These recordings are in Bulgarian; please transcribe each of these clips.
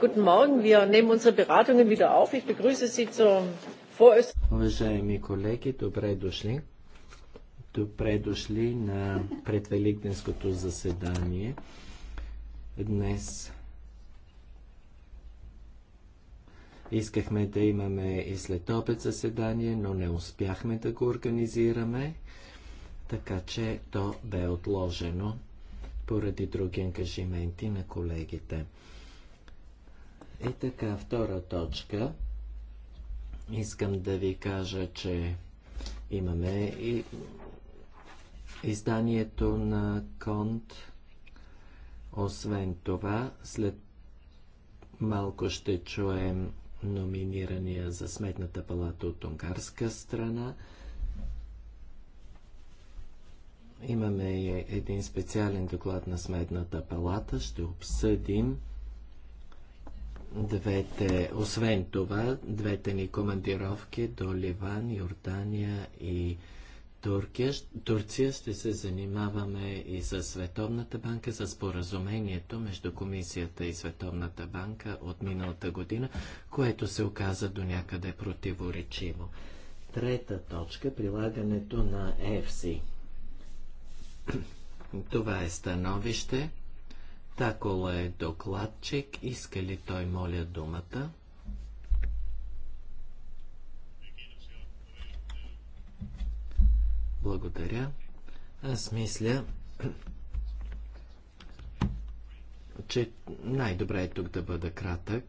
Guten Morgen, wir nehmen unsere Beratungen wieder auf. Ich begrüße Sie zur Уважаеми колеги, добре дошли. Добре дошли на предвеликденското заседание. Днес искахме да имаме и след обед заседание, но не успяхме да го организираме, така че то бе отложено поради други ангажименти на колегите. И е така, втора точка. Искам да ви кажа, че имаме и изданието на Конт. Освен това, след малко ще чуем номинирания за Сметната палата от унгарска страна. Имаме един специален доклад на Сметната палата. Ще обсъдим двете, освен това, двете ни командировки до Ливан, Йордания и Турция, Турция ще се занимаваме и с Световната банка, с споразумението между Комисията и Световната банка от миналата година, което се оказа до някъде противоречиво. Трета точка – прилагането на ЕФСИ. Това е становище – Такола е докладчик. Иска ли той, моля, думата? Благодаря. Аз мисля, че най-добре е тук да бъда кратък.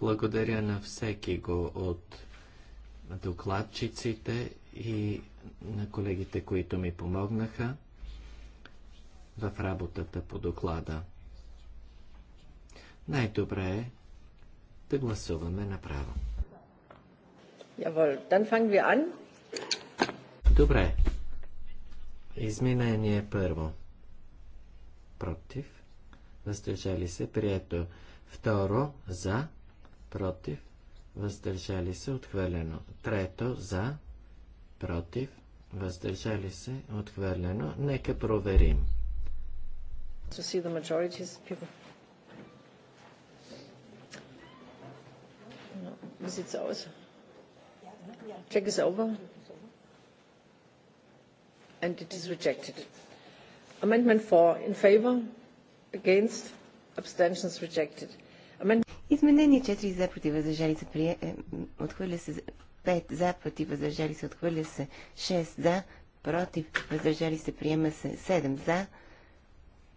Благодаря на всеки го от докладчиците и на колегите, които ми помогнаха в работата по доклада. Най-добре е да гласуваме направо. Добре. Изменение първо. Против. Въздържали се. Прието. Второ. За. Против. Въздържали се. Отхвърлено. Трето. За. Против. Въздържали се. Отхвърлено. Нека проверим to see the majorities people. No. Wie sieht's aus? Check is over. And it is rejected. Amendment 4 in favor, against, abstentions rejected. Amendment Изменение 4 за против въздържали се прие... отхвърля се 5 за против въздържали се отхвърля се 6 за против въздържали се приема се 7 за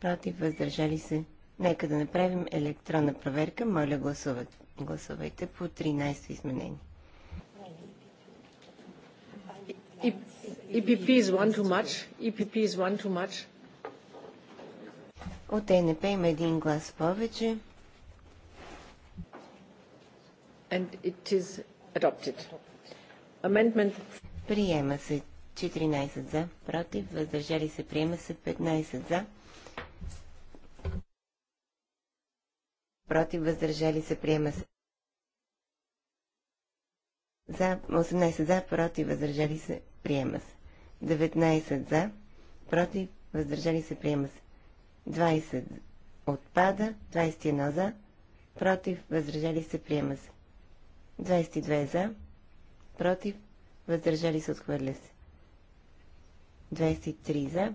против, въздържали се. Нека да направим електронна проверка. Моля, гласуват. гласувайте по 13 изменение. EPP is one too much. EPP is one too much. От ЕНП има един глас повече. And it is adopted. Amendment. Приема се 14 за, против, въздържали се, приема се 15 за против, въздържали се, приема се. За, 18 за, против, въздържали се, приема се. 19 за, против, въздържали се, приема се. 20 отпада, 21 за, против, въздържали се, приема се. 22 за, против, въздържали се, отхвърля се. 23 за,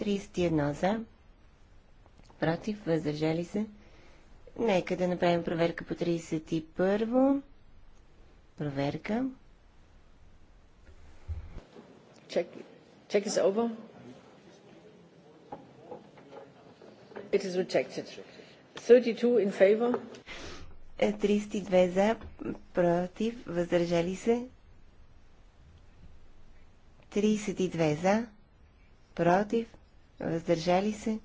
31 за, против, въздържали се. Нека да направим проверка по 31. Проверка. Чек. Чек е It is rejected. 32 in favor. 32 е, за, против, въздържали се. 32 за, против, Въздържали се?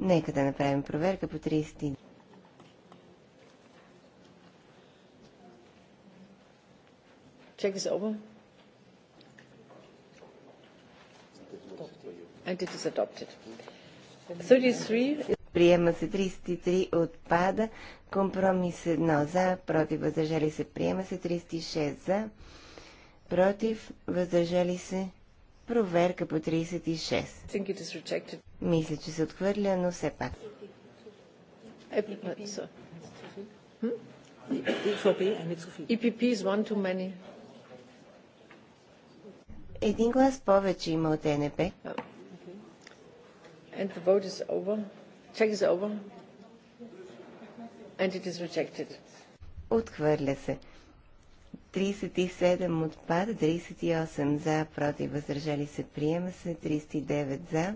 Нека да направим проверка по 30. Check is over. And it is adopted. 33 Приема се 33, отпада. Компромис 1 за, против, въздържали се. Приема се 36 за, против, въздържали се. Проверка по 36. Мисля, че се отхвърля, но все пак. EPP is one too many. Един глас повече има от ЕНП. And the vote is over. Check is over. And it is rejected. Отхвърля се. 37 отпада, 38 за, против, въздържали се, приема се, 39 за,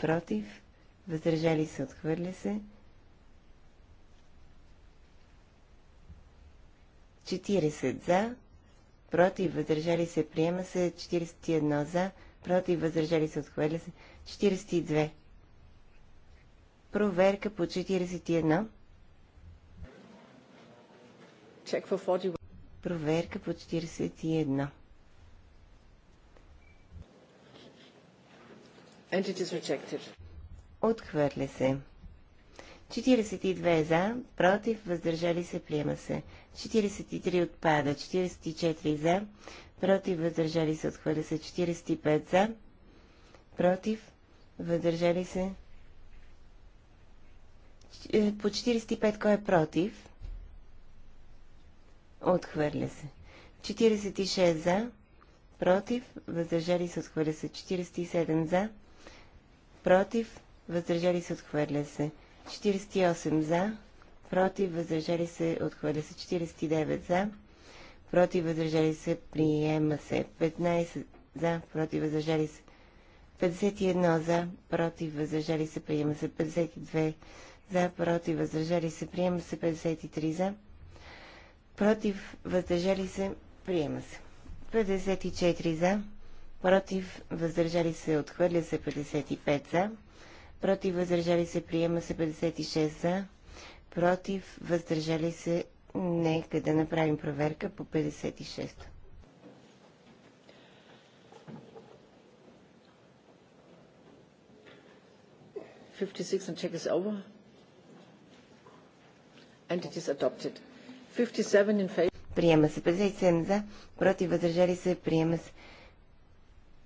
против, въздържали се, отхвърля се, 40 за, против, въздържали се, приема се, 41 за, против, въздържали се, отхвърля се, 42. Проверка по 41. Check for 41. Проверка по 41. And it is rejected. Отхвърля се. 42 за, против, въздържали се, приема се. 43 отпада, 44 за, против, въздържали се, отхвърля се. 45 за, против, въздържали се. Е, по 45 кой е против? Отхвърля се. 46 за. Против. Въздържали се. Отхвърля се. 47 за. Против. Въздържали се. Отхвърля се. 48 за. Против. Въздържали се. Отхвърля се. 49 за. Против. Въздържали се. Приема се. 15 за. Против. Въздържали се. 51 за. Против. Въздържали се. Приема се. 52 за. Против. Въздържали се. Приема се. 53 за против, въздържали се, приема се. 54 за, против, въздържали се, отхвърля се 55 за, против, въздържали се, приема се 56 за, против, въздържали се, нека да направим проверка по 56. Fifty-six and check is over. And it is adopted. Приема се 57 за, против въздържали се, приема се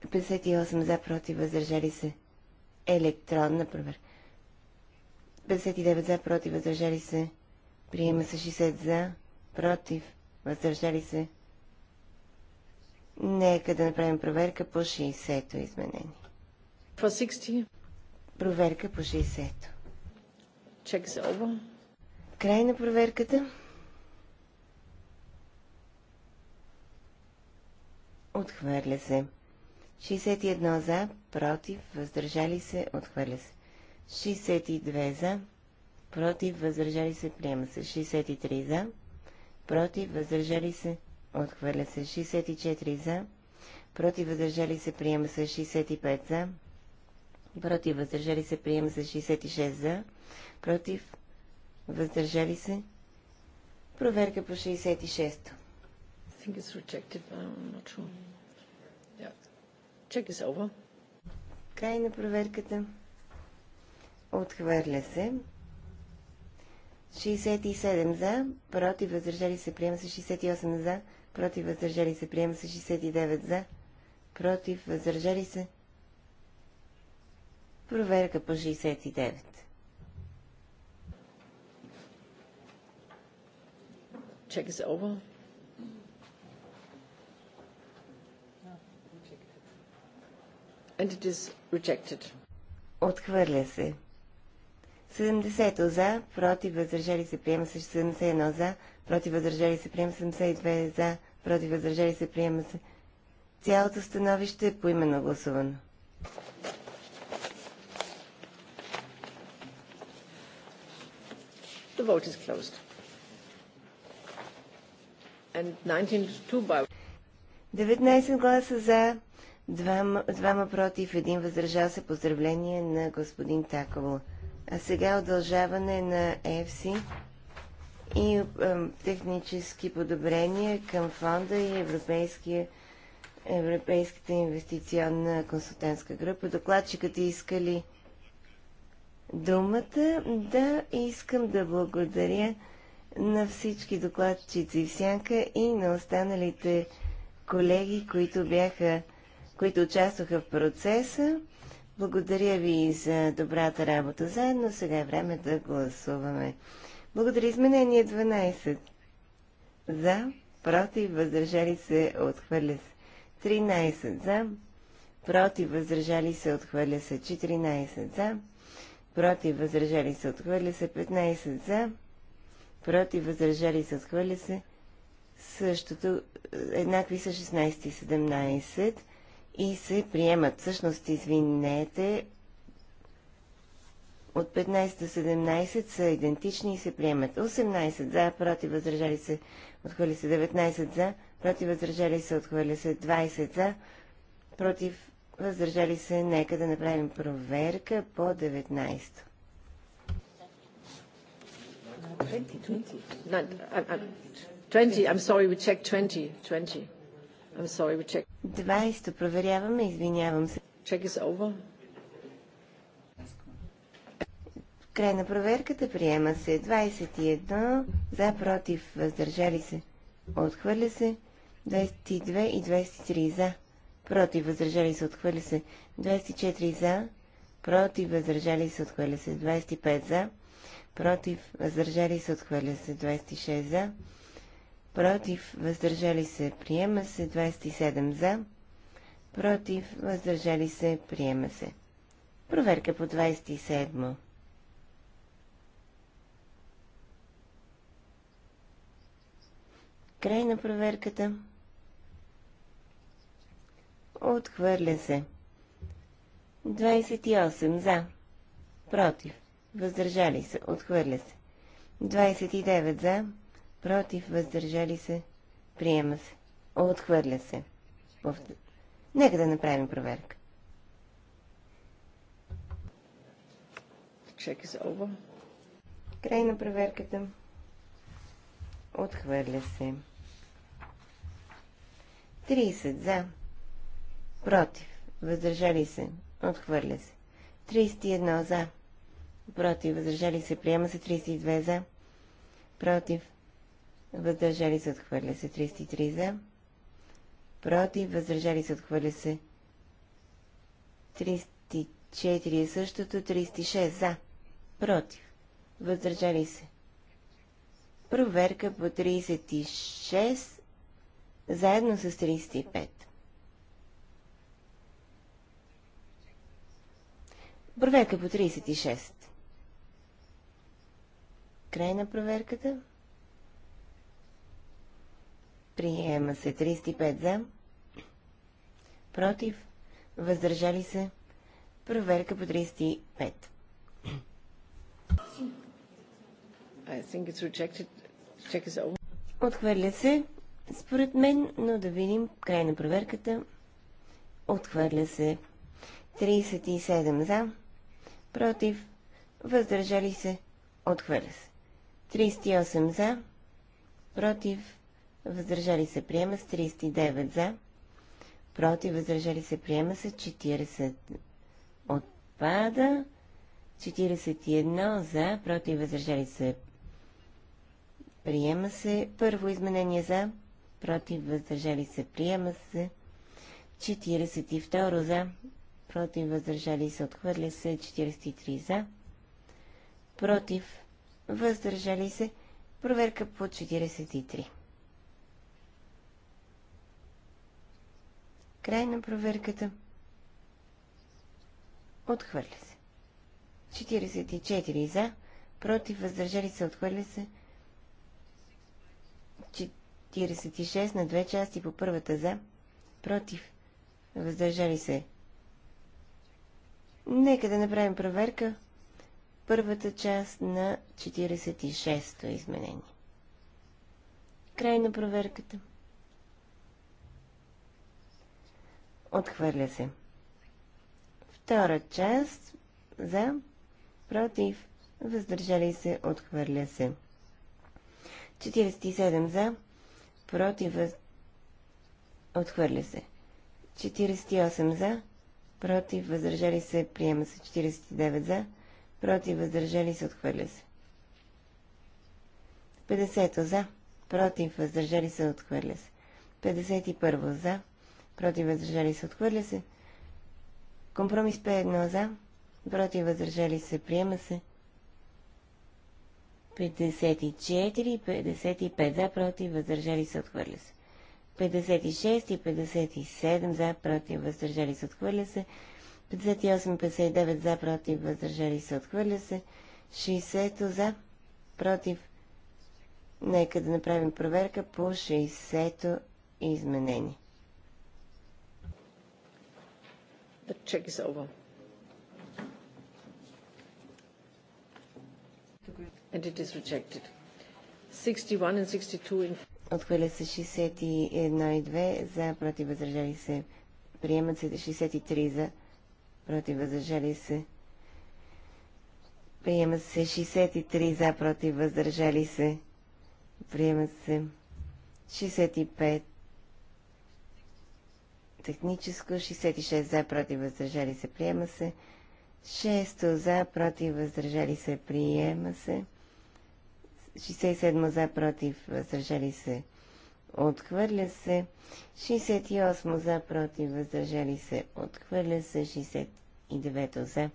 58 за, против въздържали се. Електронна проверка. 59 за, против въздържали се. Приема се 60 за, против въздържали се. Нека да направим проверка по 60-то изменение. For 60. Проверка по 60-то. Чек за оба. Край на проверката. Отхвърля се. 61 за, против, въздържали се, отхвърля се. 62 за, против, въздържали се, приема се. 63 за, против, въздържали се, отхвърля се. 64 за, против, въздържали се, приема се. 65 за, против, въздържали се, приема се. 66 за, против, въздържали се. Проверка по 66-то think it's rejected, but I'm not sure. Yeah. Check is over. Край на проверката. Отхвърля се. 67 за, против въздържали се, приема се 68 за, против въздържали се, приема се 69 за, против въздържали се. Проверка по 69. Check is over. and it is rejected. Отхвърля се. 70 за, против, въздържали се, приема се 71 за, против, въздържали се, приема 72 за, против, въздържали се, приема се. Цялото становище е поименно гласувано. The vote is closed. And 19 to 2 by... 19 гласа за, Двама, двама против, един въздържал се. Поздравление на господин Таково. А сега удължаване на ЕФСИ и е, технически подобрения към фонда и Европейския, Европейската инвестиционна консултантска група. Докладчикът иска ли думата? Да, искам да благодаря на всички докладчици в Сянка и на останалите колеги, които бяха които участваха в процеса. Благодаря ви за добрата работа заедно. Сега е време да гласуваме. Благодаря изменение 12. За, против, въздържали се, отхвърля се. 13 за, против, въздържали се, отхвърля се. 14 за, против, въздържали се, отхвърля се. 15 за, против, въздържали се, отхвърля се. Същото, е, еднакви са 16 и 17 и се приемат. Всъщност, извинете, от 15 до 17 са идентични и се приемат. 18 за, против, възражали се, отхвърли се 19 за, против, възражали се, отхвърли се 20 за, против, въздържали се, нека да направим проверка по 19. 20, 20. 20, I'm sorry, we checked 20, 20. I'm 20 проверяваме, извинявам се. Check is over. Край на проверката приема се 21, за, против, въздържали се, отхвърля се, 22 и 23 за, против, въздържали се, отхвърля се, 24 за, против, въздържали се, отхвърля се, 25 за, против, въздържали се, отхвърля се, 26 за, против, въздържали се, приема се. 27 за, против, въздържали се, приема се. Проверка по 27. Край на проверката. Отхвърля се. 28 за. Против. Въздържали се. Отхвърля се. 29 за против, въздържали се, приема се, отхвърля се. Нека да направим проверка. Чек is Край на проверката. Отхвърля се. 30 за. Против. Въздържали се. Отхвърля се. 31 за. Против. Въздържали се. Приема се. 32 за. Против въздържали се, отхвърля се. 33 за, против, въздържали се, отхвърля се. 34 е същото, 36 за, против, въздържали се. Проверка по 36 заедно с 35. Проверка по 36. Край на проверката. Приема се 35 за. Против. Въздържали се. Проверка по 35. Отхвърля се, според мен, но да видим край на проверката. Отхвърля се. 37 за. Против. Въздържали се. Отхвърля се. 38 за. Против въздържали се, приема с 39 за, против, въздържали се, приема с 40 отпада, 41 за, против, въздържали се, приема се, първо изменение за, против, въздържали се, приема се, 42 за, против, въздържали се, отхвърля се, 43 за, против, въздържали се, проверка по 43. Край на проверката. Отхвърля се. 44 за, против, въздържали се, отхвърля се. 46 на две части по първата за, против, въздържали се. Нека да направим проверка. Първата част на 46-то изменение. Край на проверката. Отхвърля се. Втора част за, против, въздържали се, отхвърля се. 47 за, против, въз... отхвърля се. 48 за, против, въздържали се, приема се. 49 за, против, въздържали се, отхвърля се. 50 за, против, въздържали се, отхвърля се. 51 за, против въздържали се, отхвърля се. Компромис 5 1 за, против въздържали се, приема се. 54 и 55 за, против въздържали се, отхвърля се. 56 и 57 за, против въздържали се, отхвърля се. 58 и 59 за, против въздържали се, отхвърля се. 60 за, против. Нека да направим проверка по 60-то изменение. The check is over. And it is rejected. 61 and 62 in... Отхвърля се 61 и 2 за, против възражали се. Приемат се 63 за, против възражали се. Приемат се 63 за, против въздържали се. Приемат се 65 техническо, 66 за, против, въздържали се, приема се. 6 за, против, въздържали се, приема се. 67 за, против, въздържали се, отхвърля се. 68 за, против, въздържали се, отхвърля се. 69 за,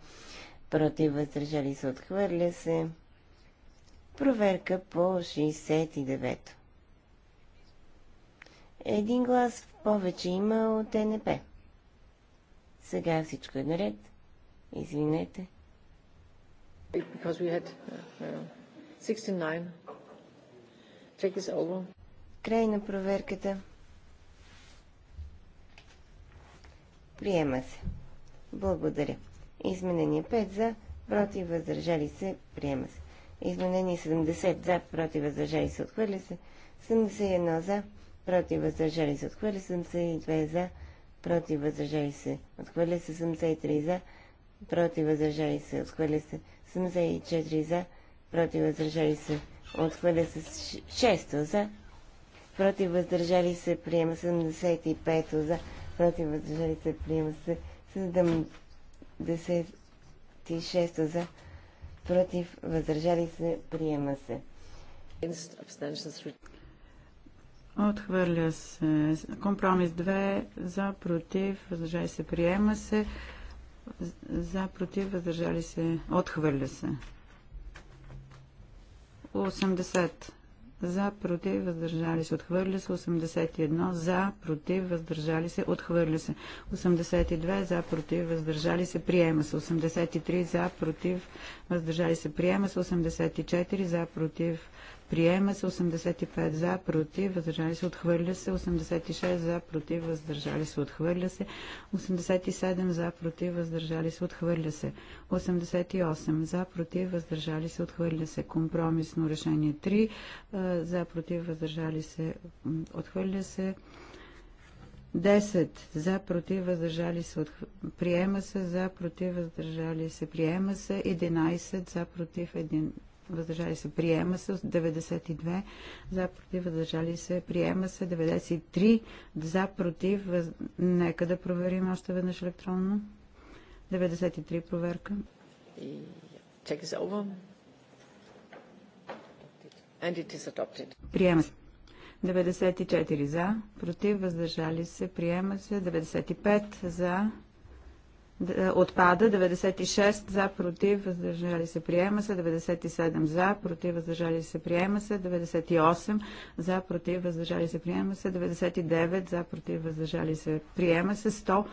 против, въздържали се, отхвърля се. Проверка по 69. Един глас повече има от ЕНП. Сега всичко е наред. Извинете. Uh, uh, Край на проверката. Приема се. Благодаря. Изменение 5 за, против, въздържали се, приема се. Изменение 70 за, против, въздържали се, отхвърля се. 71 за, против въздържали се, отхвърли се 72 за, против въздържали се, отхвърли се 73 за, против въздържали се, отхвърли се 74 за, против въздържали се, отхвърля се 6 за, против въздържали се, приема 75 за, против въздържали се, приема се 76 за, против въздържали се, приема се. Отхвърля се. Компромис 2 за, против, въздържали се, приема се. За, против, въздържали се, отхвърля се. 80 за, против, въздържали се, отхвърля се. 81 за, против, въздържали се, отхвърля се. 82 за, против, въздържали се, приема се. 83 за, против, въздържали се, приема се. 84 за, против, Приема се 85 за, против, въздържали се, отхвърля се. 86 за, против, въздържали се, отхвърля се. 87 за, против, въздържали се, отхвърля се. 88 за, против, въздържали се, отхвърля се. Компромисно решение 3 за, против, въздържали се, отхвърля се. 10 за против въздържали се от... приема се за против въздържали се приема се 11 за против 1 въздържали се, приема се 92, за против, въздържали се, приема се 93, за против, въз... нека да проверим още веднъж електронно. 93 проверка. Check is over. And it is adopted. Приема се. 94 за, против, въздържали се, приема се, 95 за, отпада 96 за против въздържали се приема се 97 за против въздържали се приема се 98 за против въздържали се приема се 99 за против въздържали се приема се 100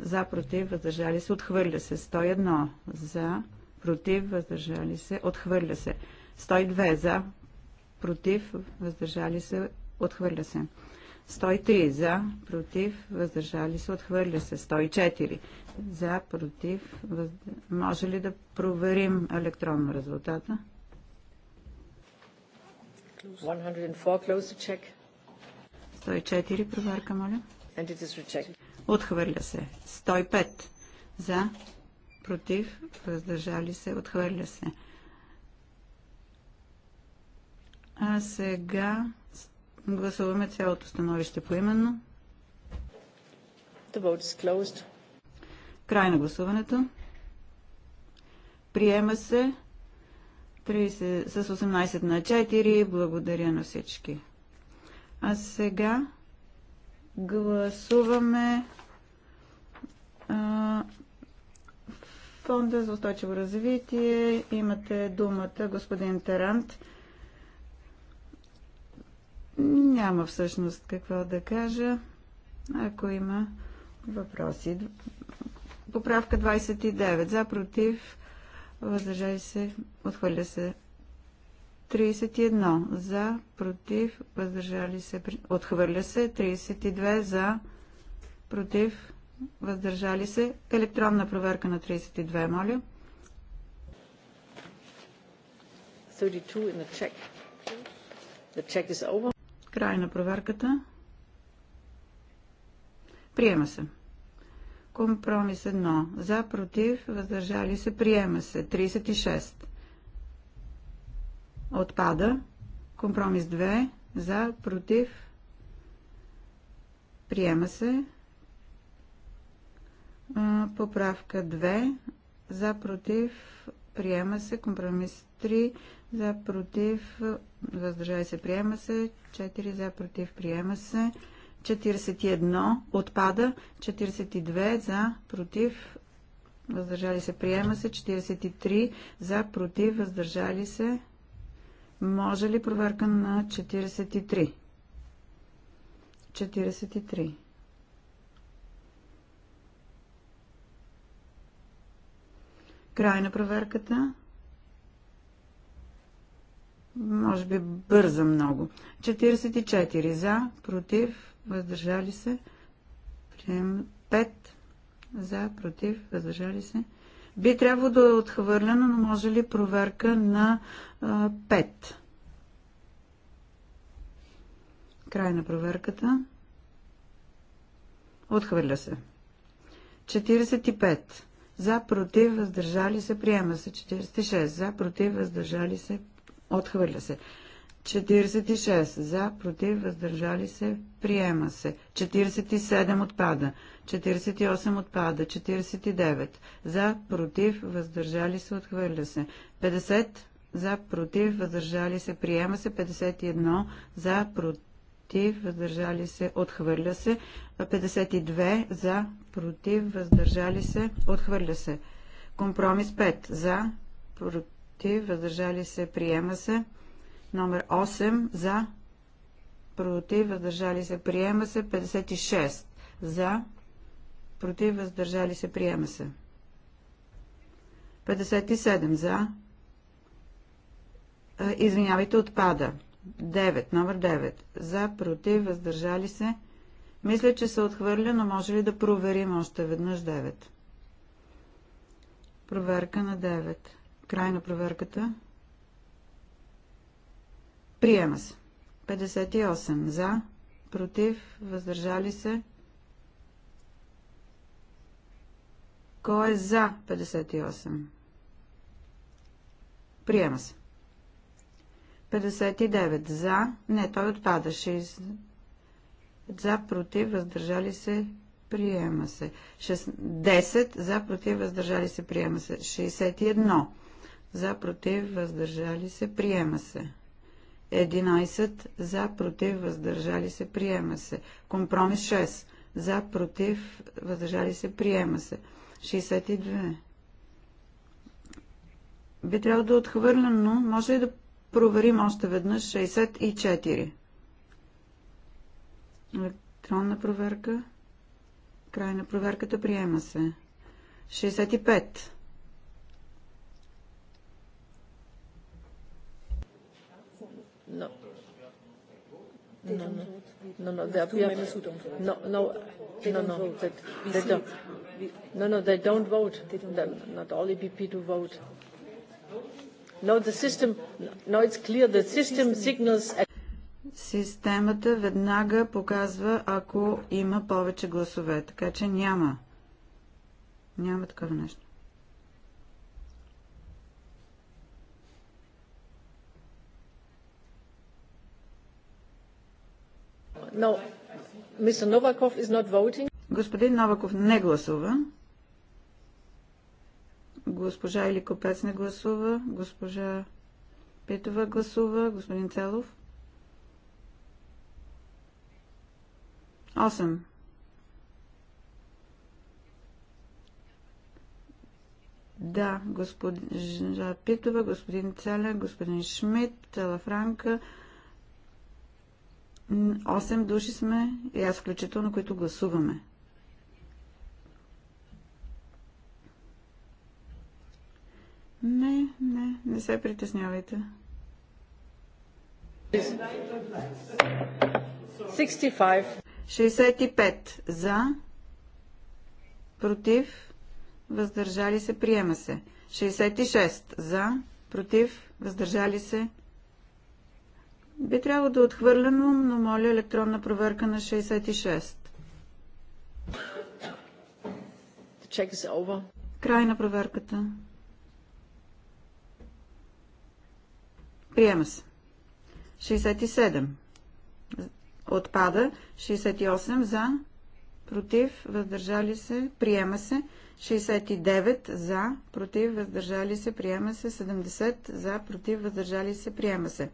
за против въздържали се отхвърля се 101 за против въздържали се отхвърля се 102 за против въздържали се отхвърля се 103 за, против, въздържали се, отхвърля се. 104 за, против, въз... може ли да проверим електронно резултата? 104 close check. 104 проверка, моля. And it is Отхвърля се. 105 за, против, въздържали се, отхвърля се. А сега Гласуваме цялото становище поименно. The vote is closed. Край на гласуването. Приема се 30, с 18 на 4. Благодаря на всички. А сега гласуваме а, Фонда за устойчиво развитие. Имате думата, господин Тарант. Няма всъщност какво да кажа. Ако има въпроси. Поправка 29. За, против, въздържали се, отхвърля се. 31. За, против, въздържали се, отхвърля се. 32. За, против, въздържали се. Електронна проверка на 32, моля. 32 in the check. The check is over. Край на проверката. Приема се. Компромис 1. За, против, въздържали се, приема се. 36. Отпада. Компромис 2. За, против, приема се. Поправка 2. За, против, приема се. Компромис 3. За, против, въздържали се, приема се. 4 за, против, приема се. 41 отпада. 42 за, против, въздържали се, приема се. 43 за, против, въздържали се. Може ли проверка на 43? 43. Край на проверката. Може би бърза много. 44 за, против, въздържали се. Прием 5 за, против, въздържали се. Би трябвало да е отхвърлено, но може ли проверка на а, 5? Край на проверката. Отхвърля се. 45. За, против, въздържали се, приема се. 46. За, против, въздържали се, Отхвърля се. 46. За, против, въздържали се, приема се. 47 отпада. 48 отпада. 49. За, против, въздържали се, отхвърля се. 50. За, против, въздържали се, приема се. 51. За, против, въздържали се, отхвърля се. 52. За, против, въздържали се, отхвърля се. Компромис 5. За, против, против, въздържали се, приема се. Номер 8 за, против, въздържали се, приема се. 56 за, против, въздържали се, приема се. 57 за, извинявайте, отпада. 9, номер 9. За, против, въздържали се. Мисля, че се отхвърля, но може ли да проверим още веднъж 9? Проверка на 9. Край на проверката. Приема се. 58 за, против, въздържали се. Кой е за 58? Приема се. 59 за. Не, той отпадаше. Из... За, против, въздържали се, приема се. 6... 10 за, против, въздържали се, приема се. 61 за, против, въздържали се, приема се. 11 за, против, въздържали се, приема се. Компромис 6 за, против, въздържали се, приема се. 62. Би трябвало да отхвърлям, но може и да проверим още веднъж 64. Електронна проверка. Край на проверката приема се. 65. No. No, no, no, no, they are, members who don't vote. No, no, they no, no, vote. That, they don't, no, no, they don't vote. They don't vote. Not all EPP do vote. No, the system, no, it's clear, the system signals... Системата веднага показва, ако има повече гласове, така че няма. Няма такова нещо. Господин Новаков не гласува. Госпожа Или Копец не гласува. Госпожа Петова гласува. Господин Целов. 8. Да, госпожа Питова, господин Целя, господин Шмидт, Телафранка, Франка, 8 души сме, и аз включително, които гласуваме. Не, не, не се притеснявайте. 65. 65 за, против, въздържали се, приема се. 66 за, против, въздържали се, би трябвало да е отхвърлено, но моля електронна проверка на 66. Край на проверката. Приема се. 67. Отпада. 68 за. Против. Въздържали се. Приема се. 69 за. Против. Въздържали се. Приема се. 70 за. Против. Въздържали се. Приема се.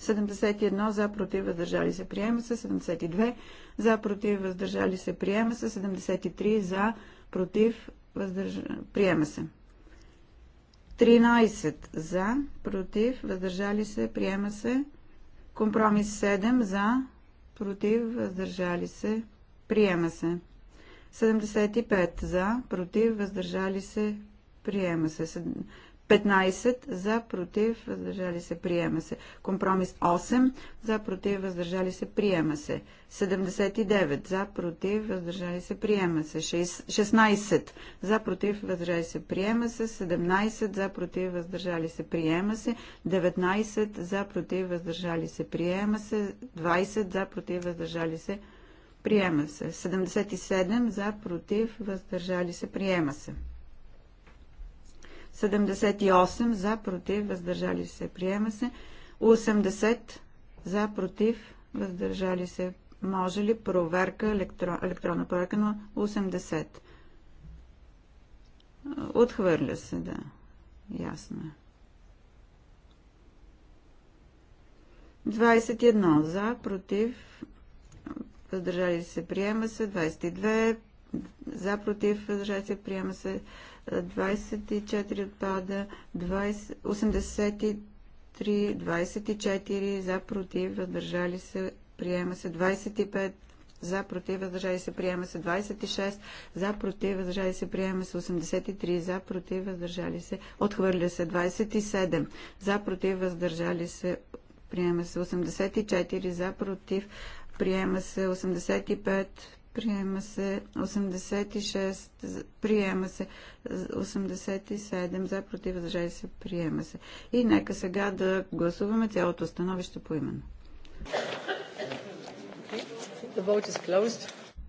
71 за против въздържали се приема се, 72 за против въздържали се приема се, 73 за против въздърж... приема се. 13 за против въздържали се приема се. Компромис 7 за против въздържали се приема се. 75 за против въздържали се приема се. 15 за, против, въздържали се, приема се. Компромис 8 за, против, въздържали се, приема се. 79 за, против, въздържали се, приема се. 16 за, против, въздържали се, приема се. 17 за, против, въздържали се, приема се. 19 за, против, въздържали се, приема се. 20 за, против, въздържали се, приема се. 77 за, против, въздържали се, приема се. 78 за, против, въздържали се, приема се. 80 за, против, въздържали се. Може ли проверка, електро... електронна проверка но 80? Отхвърля се, да. Ясно е. 21 за, против, въздържали се, приема се. 22 за, против, въздържали се, приема се. 24 отпада, 20, 83, 24 за против, въздържали се, приема се 25 за против, въздържали се, приема се 26, за против, въздържали се, приема се 83, за против, въздържали се, отхвърля се 27, за против, въздържали се, приема се 84, за против, приема се 85, приема се 86, приема се 87 за против, въздържали се, приема се. И нека сега да гласуваме цялото становище по именно.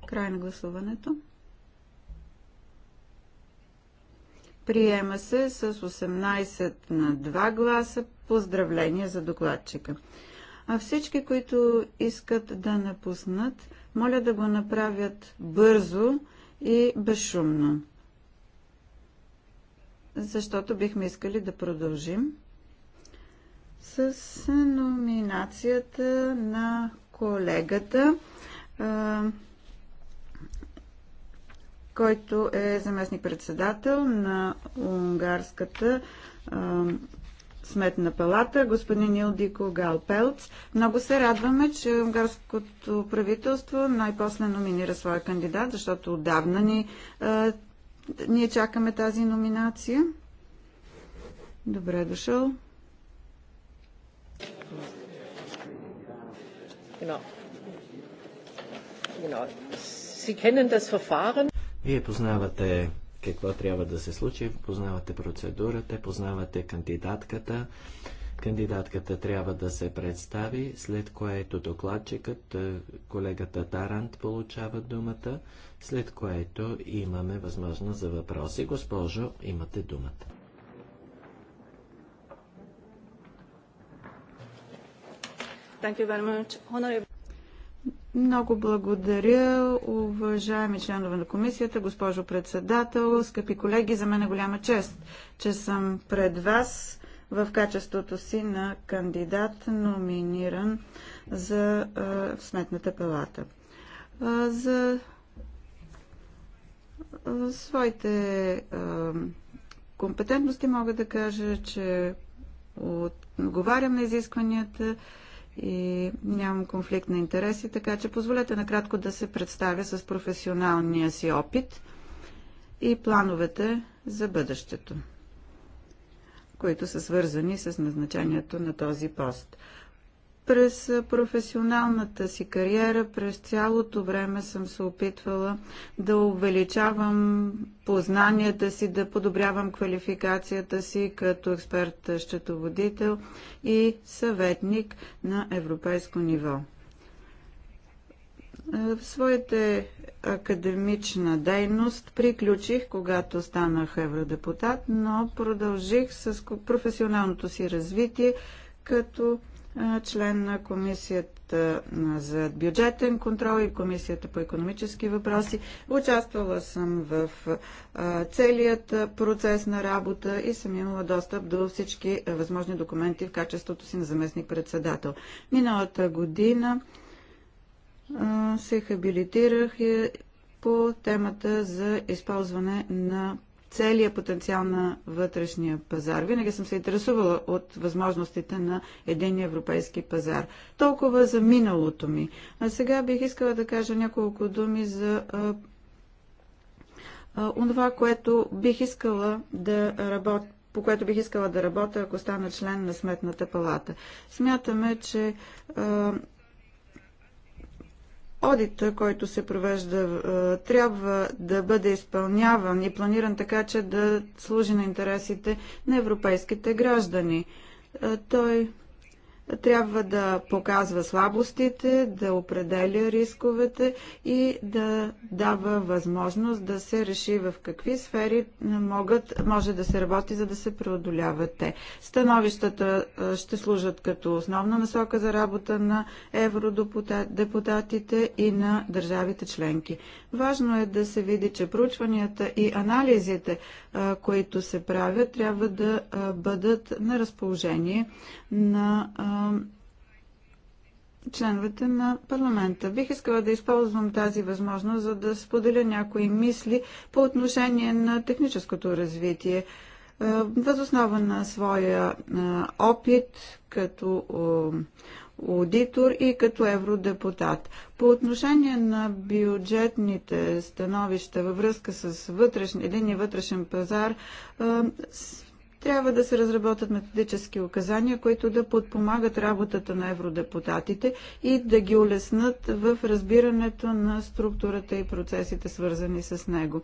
Край на гласуването. Приема се с 18 на 2 гласа. Поздравления за докладчика. А всички, които искат да напуснат, моля да го направят бързо и безшумно, защото бихме искали да продължим с номинацията на колегата, който е заместник-председател на Унгарската Сметна палата, господин Илдико Галпелц. Много се радваме, че унгарското правителство най-после номинира своя кандидат, защото отдавна ни, а, ние чакаме тази номинация. Добре дошъл. Вие познавате какво трябва да се случи. Познавате процедурата, познавате кандидатката. Кандидатката трябва да се представи, след което докладчикът, е, колегата Тарант получава думата, след което имаме възможност за въпроси. Госпожо, имате думата. Thank you very much. Много благодаря, уважаеми членове на комисията, госпожо председател, скъпи колеги. За мен е голяма чест, че съм пред вас в качеството си на кандидат, номиниран за а, Сметната палата. А, за а, своите а, компетентности мога да кажа, че отговарям на изискванията и нямам конфликт на интереси, така че позволете накратко да се представя с професионалния си опит и плановете за бъдещето, които са свързани с назначението на този пост. През професионалната си кариера, през цялото време съм се опитвала да увеличавам познанията си, да подобрявам квалификацията си като експерт-счетоводител и съветник на европейско ниво. Е, в своята академична дейност приключих, когато станах евродепутат, но продължих с професионалното си развитие, като член на комисията за бюджетен контрол и комисията по економически въпроси. Участвала съм в целият процес на работа и съм имала достъп до всички възможни документи в качеството си на заместник-председател. Миналата година се хабилитирах по темата за използване на целият потенциал на вътрешния пазар. Винаги съм се интересувала от възможностите на един европейски пазар. Толкова за миналото ми. А сега бих искала да кажа няколко думи за а, а, което бих искала да работя по което бих искала да работя, ако стана член на Сметната палата. Смятаме, че а, Одита, който се провежда, е, трябва да бъде изпълняван и планиран така, че да служи на интересите на европейските граждани. Е, той трябва да показва слабостите, да определя рисковете и да дава възможност да се реши в какви сфери могат, може да се работи, за да се преодоляват те. Становищата ще служат като основна насока за работа на евродепутатите и на държавите членки. Важно е да се види, че проучванията и анализите, които се правят, трябва да бъдат на разположение на членовете на парламента. Бих искала да използвам тази възможност, за да споделя някои мисли по отношение на техническото развитие. Възоснова на своя опит като аудитор и като евродепутат. По отношение на бюджетните становища във връзка с един и вътрешен пазар, трябва да се разработят методически указания, които да подпомагат работата на евродепутатите и да ги улеснат в разбирането на структурата и процесите, свързани с него.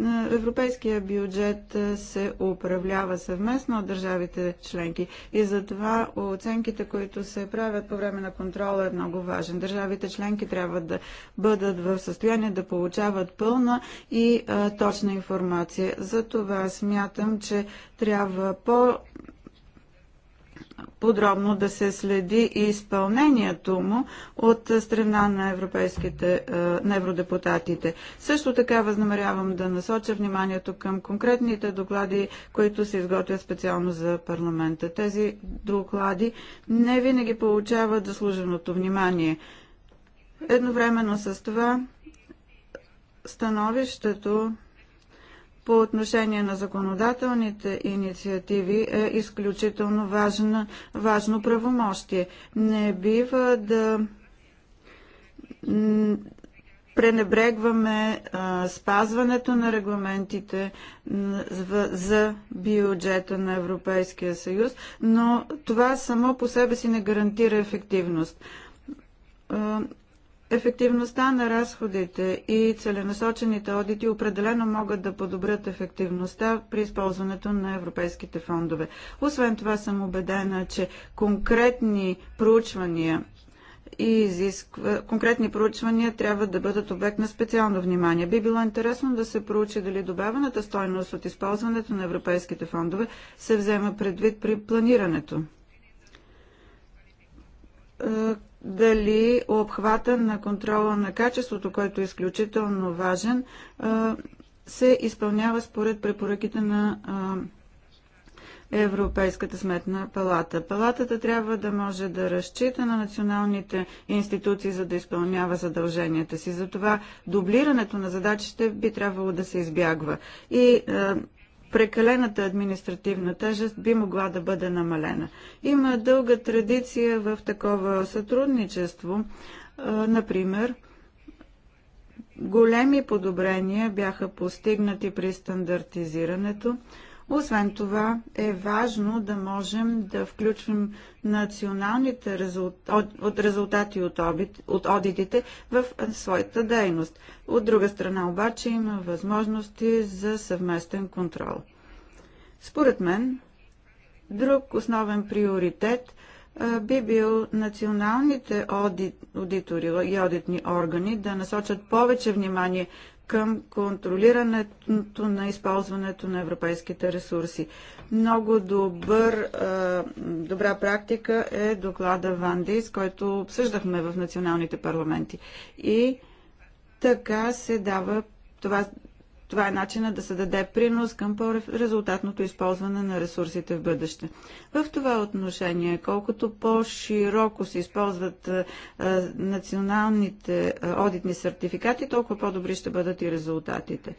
Е, европейския бюджет е, се управлява съвместно от държавите членки и затова оценките, които се правят по време на контрола е много важен. Държавите членки трябва да бъдат в състояние да получават пълна и а, е, точна информация. За това смятам, че трябва по подробно да се следи и изпълнението му от страна на европейските е, на евродепутатите. Също така възнамерявам да насоча вниманието към конкретните доклади, които се изготвят специално за парламента. Тези доклади не винаги получават заслуженото внимание. Едновременно с това становището по отношение на законодателните инициативи е изключително важна, важно правомощие. Не бива да пренебрегваме а, спазването на регламентите за бюджета на Европейския съюз, но това само по себе си не гарантира ефективност. Ефективността на разходите и целенасочените одити определено могат да подобрят ефективността при използването на европейските фондове. Освен това съм убедена, че конкретни проучвания и изисква, конкретни проучвания трябва да бъдат обект на специално внимание. Би било интересно да се проучи дали добавената стойност от използването на европейските фондове се взема предвид при планирането е, дали обхвата на контрола на качеството, който е изключително важен, се изпълнява според препоръките на Европейската сметна палата. Палатата трябва да може да разчита на националните институции, за да изпълнява задълженията си. Затова дублирането на задачите би трябвало да се избягва. И прекалената административна тежест би могла да бъде намалена. Има дълга традиция в такова сътрудничество. Например, големи подобрения бяха постигнати при стандартизирането, освен това е важно да можем да включим националните от резултати от, обид... от одитите в своята дейност. От друга страна обаче има възможности за съвместен контрол. Според мен, друг основен приоритет би бил националните аудитори и аудитни органи да насочат повече внимание към контролирането на използването на европейските ресурси. Много добър, добра практика е доклада Вандис, който обсъждахме в националните парламенти. И така се дава това това е начина да се даде принос към по-резултатното използване на ресурсите в бъдеще. В това отношение, колкото по-широко се използват националните одитни сертификати, толкова по-добри ще бъдат и резултатите.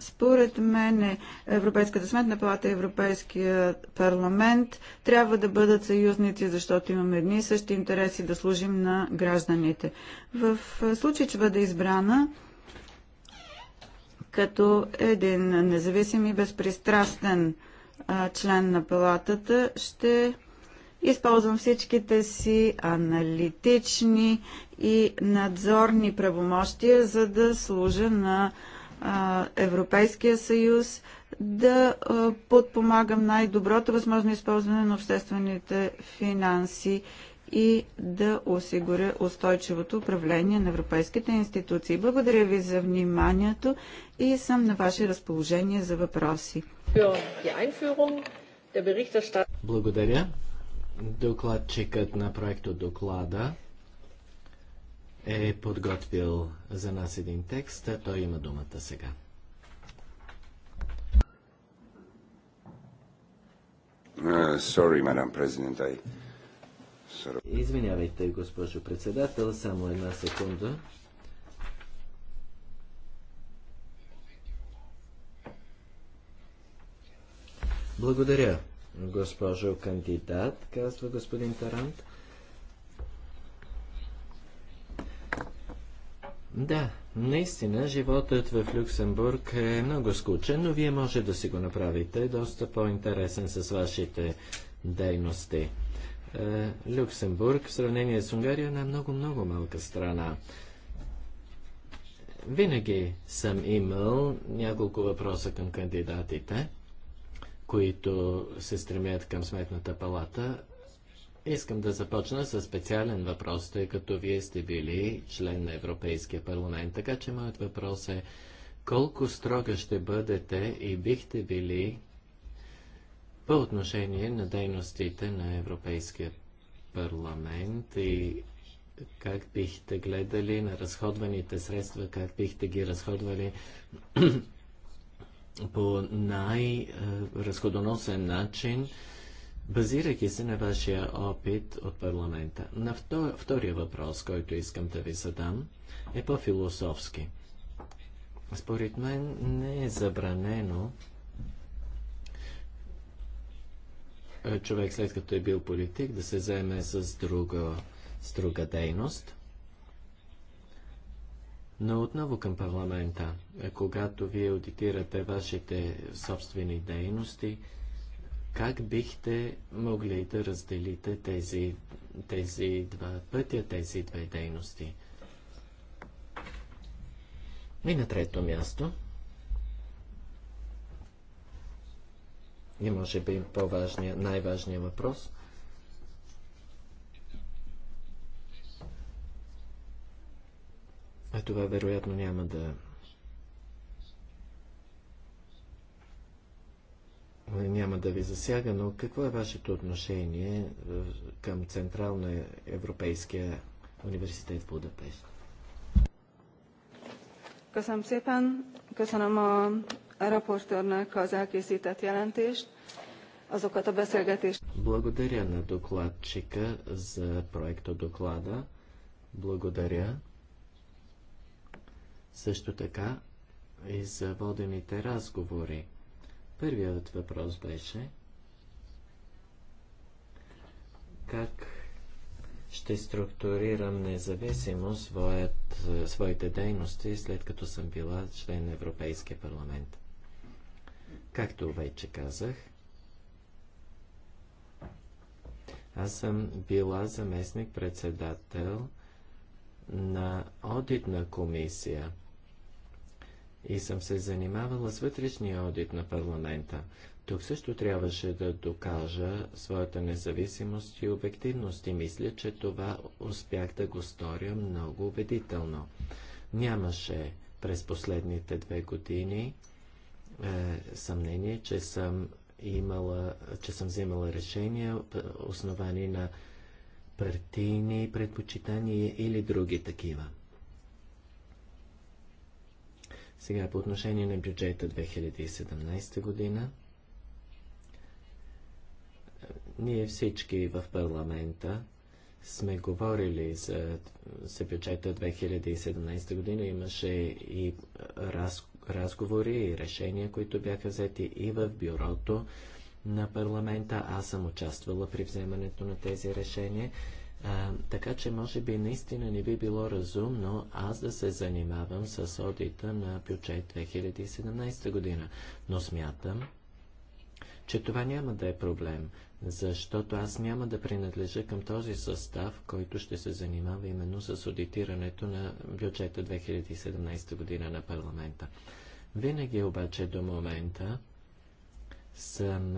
Според мен Европейската сметна палата и Европейския парламент трябва да бъдат съюзници, защото имаме едни и същи интереси да служим на гражданите. В случай, че бъде избрана, като един независим и безпристрастен а, член на палатата ще използвам всичките си аналитични и надзорни правомощия, за да служа на а, Европейския съюз, да а, подпомагам най-доброто възможно използване на обществените финанси и да осигуря устойчивото управление на европейските институции. Благодаря ви за вниманието и съм на ваше разположение за въпроси. Благодаря. Докладчикът на проекто доклада е подготвил за нас един текст, а той има думата сега. Uh, sorry, Madam President, I... Извинявайте, госпожо председател, само една секунда. Благодаря, госпожо кандидат, казва господин Тарант. Да, наистина животът в Люксембург е много скучен, но вие може да си го направите доста по-интересен с вашите дейности. Е, Люксембург в сравнение с Унгария е една много-много малка страна. Винаги съм имал няколко въпроса към кандидатите, които се стремят към Сметната палата. Искам да започна с специален въпрос, тъй като вие сте били член на Европейския парламент, така че моят въпрос е колко строга ще бъдете и бихте били по отношение на дейностите на Европейския парламент и как бихте гледали на разходваните средства, как бихте ги разходвали по най-разходоносен начин, базирайки се на вашия опит от парламента. На втор... втория въпрос, който искам да ви задам, е по-философски. Според мен не е забранено Е, човек след като е бил политик да се заеме с друга, с друга дейност. Но отново към парламента, е, когато вие аудитирате вашите собствени дейности, как бихте могли да разделите тези, тези два пътя, тези две дейности? И на трето място – и може би по-важния, най-важният въпрос. А това вероятно няма да няма да ви засяга, но какво е вашето отношение е, към Централно Европейския университет в Будапешт? Köszönöm szépen, köszönöm a a az elkészített jelentést, azokat a beszélgetést. Благодаря на докладчика за проекта доклада. Благодаря също така и за водените разговори. Първият въпрос беше как ще структурирам независимо своят, своите дейности, след като съм била член на Европейския парламент. Както вече казах, аз съм била заместник-председател на одитна комисия и съм се занимавала с вътрешния одит на парламента. Тук също трябваше да докажа своята независимост и обективност и мисля, че това успях да го сторя много убедително. Нямаше през последните две години е, съмнение, че съм, имала, че съм вземала решения, основани на партийни предпочитания или други такива. Сега по отношение на бюджета 2017 година. Ние всички в парламента сме говорили за, за бюджета 2017 година. Имаше и раз, разговори и решения, които бяха взети и в бюрото на парламента. Аз съм участвала при вземането на тези решения. А, така че, може би, наистина не би било разумно аз да се занимавам с одита на бюджет 2017 година. Но смятам, че това няма да е проблем защото аз няма да принадлежа към този състав, който ще се занимава именно с аудитирането на бюджета 2017 година на парламента. Винаги обаче до момента съм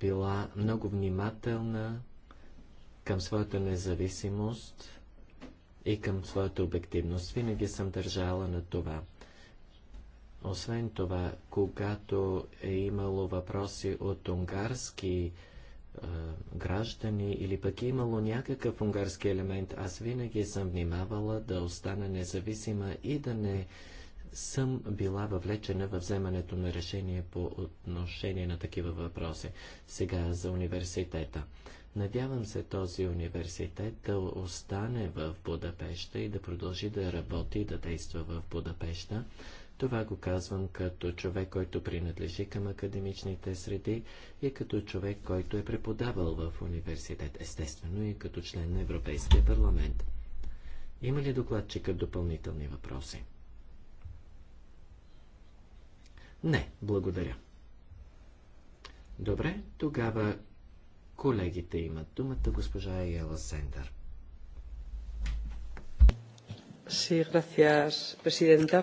била много внимателна към своята независимост и към своята обективност. Винаги съм държала на това. Освен това, когато е имало въпроси от унгарски е, граждани или пък е имало някакъв унгарски елемент, аз винаги съм внимавала да остана независима и да не съм била въвлечена във вземането на решение по отношение на такива въпроси. Сега за университета. Надявам се този университет да остане в Будапеща и да продължи да работи и да действа в Будапеща. Това го казвам като човек, който принадлежи към академичните среди и като човек, който е преподавал в университет, естествено и като член на Европейския парламент. Има ли докладчика допълнителни въпроси? Не, благодаря. Добре, тогава колегите имат думата госпожа Ела Сендър. Sí, gracias, presidenta.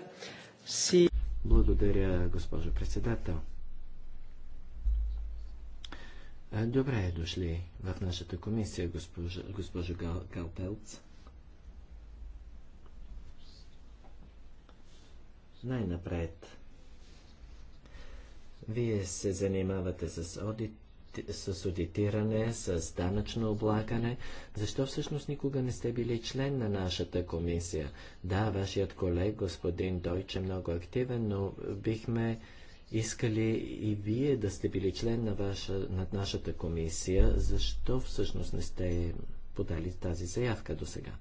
Си. Благодаря, госпожо председател. Добре е дошли в нашата комисия, госпожо, госпожо Гал, Галпелц. Най-напред. Вие се занимавате с одит с аудитиране, с данъчно облагане. Защо всъщност никога не сте били член на нашата комисия? Да, вашият колег, господин Дойч, е много активен, но бихме искали и вие да сте били член на, ваша, на нашата комисия. Защо всъщност не сте подали тази заявка до сега?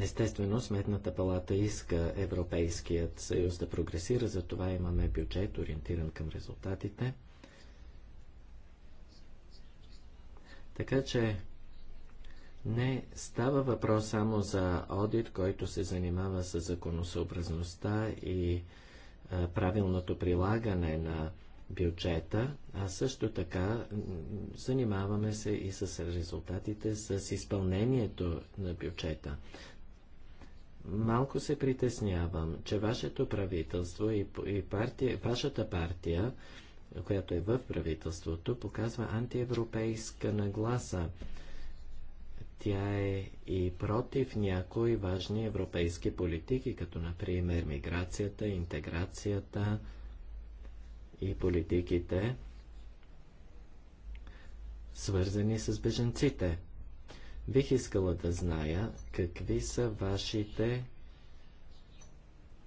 Естествено, Сметната палата иска Европейският съюз да прогресира, затова имаме бюджет, ориентиран към резултатите. Така че не става въпрос само за одит, който се занимава с законосъобразността и правилното прилагане на бюджета, а също така занимаваме се и с резултатите, с изпълнението на бюджета малко се притеснявам, че вашето правителство и, и партия, вашата партия, която е в правителството, показва антиевропейска нагласа. Тя е и против някои важни европейски политики, като например миграцията, интеграцията и политиките, свързани с беженците. Бих искала да зная какви са вашите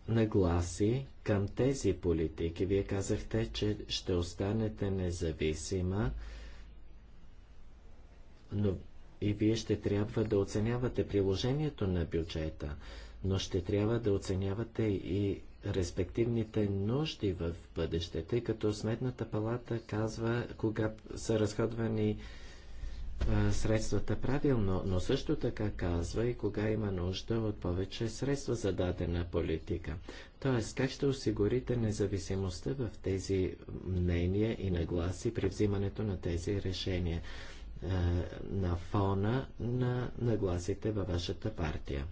нагласи към тези политики. Вие казахте, че ще останете независима, но и вие ще трябва да оценявате приложението на бюджета, но ще трябва да оценявате и респективните нужди в бъдеще, тъй като Сметната палата казва, кога са разходвани средствата правилно, но също така казва и кога има нужда от повече средства за дадена политика. Тоест, как ще осигурите независимостта в тези мнения и нагласи при взимането на тези решения на фона на нагласите във вашата партия?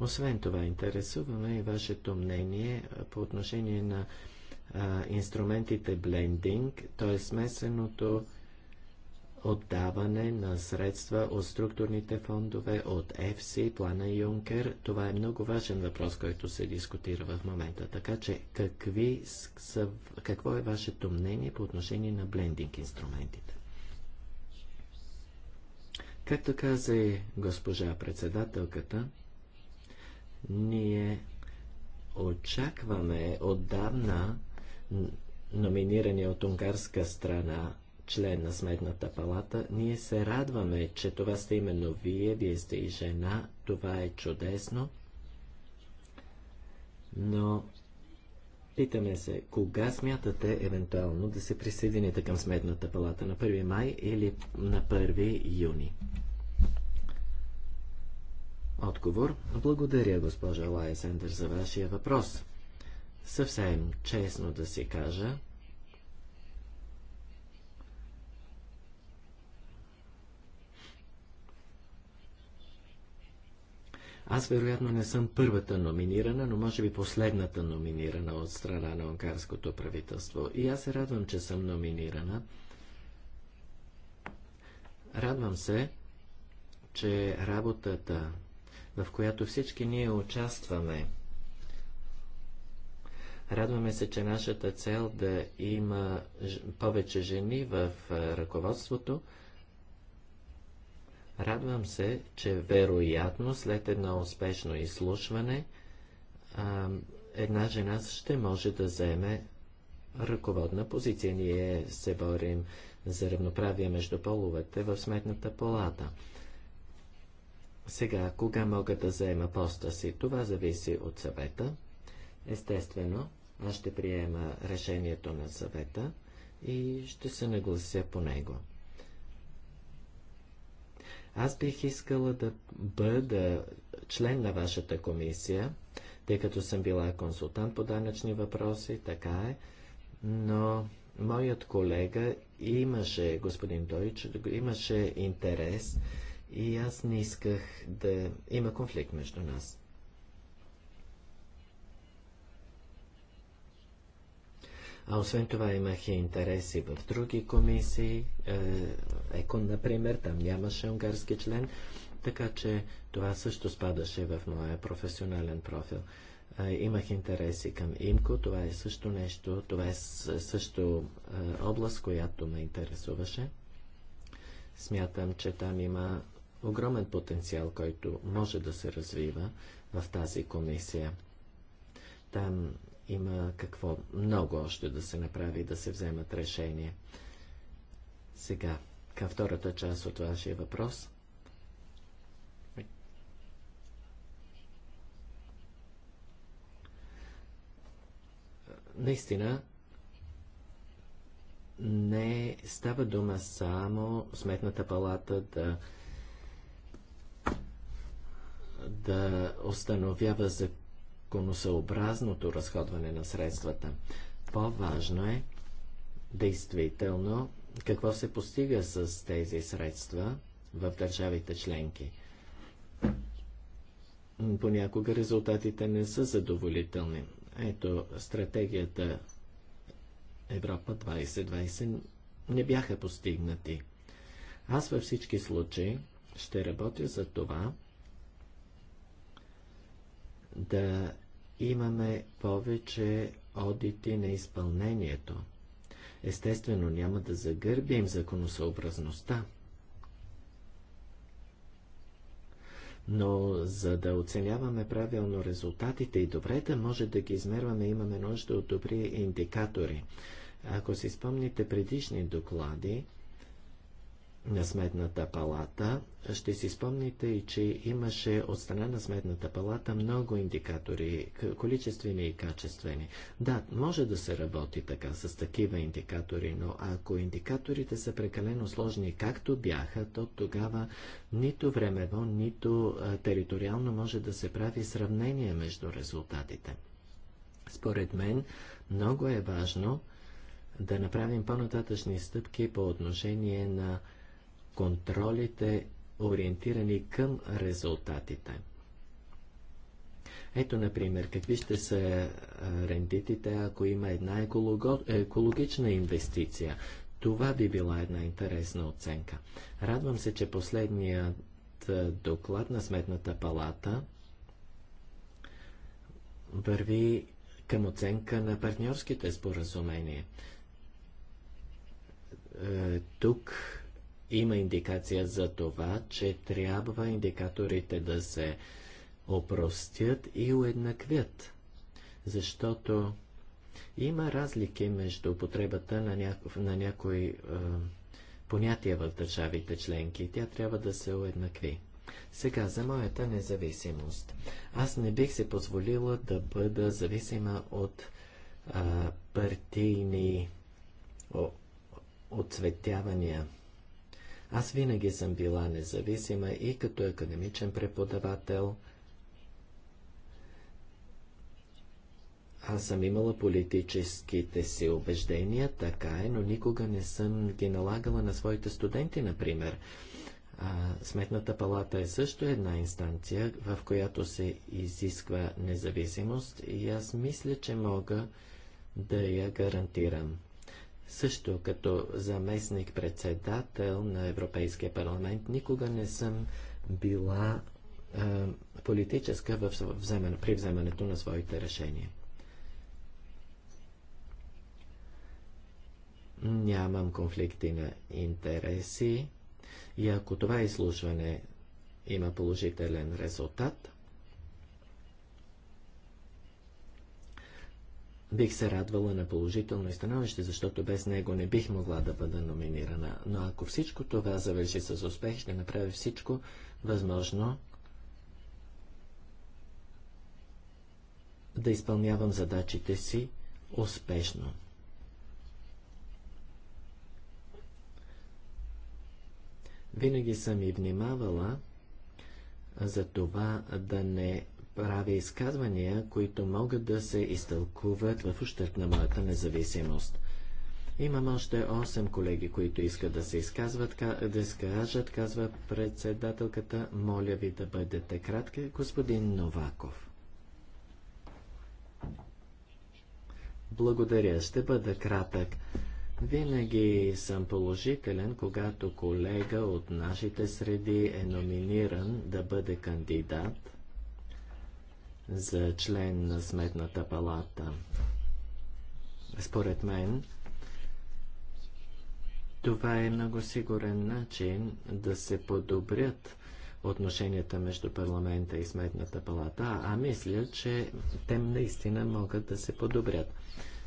Освен това, интересуваме и вашето мнение по отношение на инструментите блендинг, т.е. смесеното отдаване на средства от структурните фондове, от ЕФСИ, плана Юнкер. Това е много важен въпрос, който се дискутира в момента. Така че какви са, какво е вашето мнение по отношение на блендинг инструментите? Както каза и госпожа председателката, ние очакваме отдавна номинирания от унгарска страна член на Сметната палата. Ние се радваме, че това сте именно вие, вие сте и жена, това е чудесно. Но питаме се, кога смятате евентуално да се присъедините към Сметната палата? На 1 май или на 1 юни? Отговор. Благодаря, госпожа Лайсендър, за вашия въпрос. Съвсем честно да си кажа, Аз вероятно не съм първата номинирана, но може би последната номинирана от страна на унгарското правителство. И аз се радвам, че съм номинирана. Радвам се, че работата, в която всички ние участваме, Радваме се, че нашата цел да има повече жени в ръководството Радвам се, че вероятно след едно успешно изслушване а, една жена ще може да заеме ръководна позиция. Ние се борим за равноправие между половете в сметната палата. Сега, кога мога да заема поста си, това зависи от съвета. Естествено, аз ще приема решението на съвета и ще се наглася по него. Аз бих искала да бъда член на вашата комисия, тъй като съм била консултант по данъчни въпроси, така е, но моят колега имаше, господин Дойч, имаше интерес и аз не исках да има конфликт между нас. А освен това имах и интереси в други комисии. Е, ЕКОН, например, там нямаше унгарски член, така че това също спадаше в моя професионален профил. Е, имах интереси към ИМКО, това е също нещо, това е също е, област, която ме интересуваше. Смятам, че там има огромен потенциал, който може да се развива в тази комисия. Там има какво много още да се направи, да се вземат решения. Сега, към втората част от вашия въпрос. Наистина, не става дума само Сметната палата да да установява за законосъобразното разходване на средствата. По-важно е действително какво се постига с тези средства в държавите членки. Понякога резултатите не са задоволителни. Ето, стратегията Европа 2020 не бяха постигнати. Аз във всички случаи ще работя за това да имаме повече одити на изпълнението. Естествено, няма да загърбим законосъобразността. Но за да оценяваме правилно резултатите и добре да може да ги измерваме, имаме нужда от добри индикатори. Ако си спомните предишни доклади, на Сметната палата. Ще си спомните и, че имаше от страна на Сметната палата много индикатори, количествени и качествени. Да, може да се работи така с такива индикатори, но ако индикаторите са прекалено сложни, както бяха, то тогава нито времево, нито териториално може да се прави сравнение между резултатите. Според мен, много е важно да направим по-нататъчни стъпки по отношение на контролите, ориентирани към резултатите. Ето, например, какви ще са рендитите, ако има една еколого... екологична инвестиция. Това би била една интересна оценка. Радвам се, че последният доклад на Сметната палата върви към оценка на партньорските споразумения. Е, тук има индикация за това, че трябва индикаторите да се опростят и уеднаквят, защото има разлики между употребата на, няко, на някои е, понятия в държавите членки. Тя трябва да се уеднакви. Сега за моята независимост. Аз не бих си позволила да бъда зависима от е, партийни о, оцветявания. Аз винаги съм била независима и като академичен преподавател. Аз съм имала политическите си убеждения, така е, но никога не съм ги налагала на своите студенти, например. А, Сметната палата е също една инстанция, в която се изисква независимост и аз мисля, че мога да я гарантирам също като заместник-председател на Европейския парламент никога не съм била е, политическа в вземане, при вземането на своите решения. Нямам конфликти на интереси и ако това изслушване има положителен резултат, Бих се радвала на положително становище, защото без него не бих могла да бъда номинирана. Но ако всичко това завърши с успех, ще направя всичко възможно да изпълнявам задачите си успешно. Винаги съм и внимавала за това да не правя изказвания, които могат да се изтълкуват в ущърп на моята независимост. Имам още 8 колеги, които искат да се изказват, да изкажат, казва председателката. Моля ви да бъдете кратки, господин Новаков. Благодаря, ще бъда кратък. Винаги съм положителен, когато колега от нашите среди е номиниран да бъде кандидат за член на Сметната палата. Според мен, това е много сигурен начин да се подобрят отношенията между парламента и Сметната палата, а мисля, че те наистина могат да се подобрят.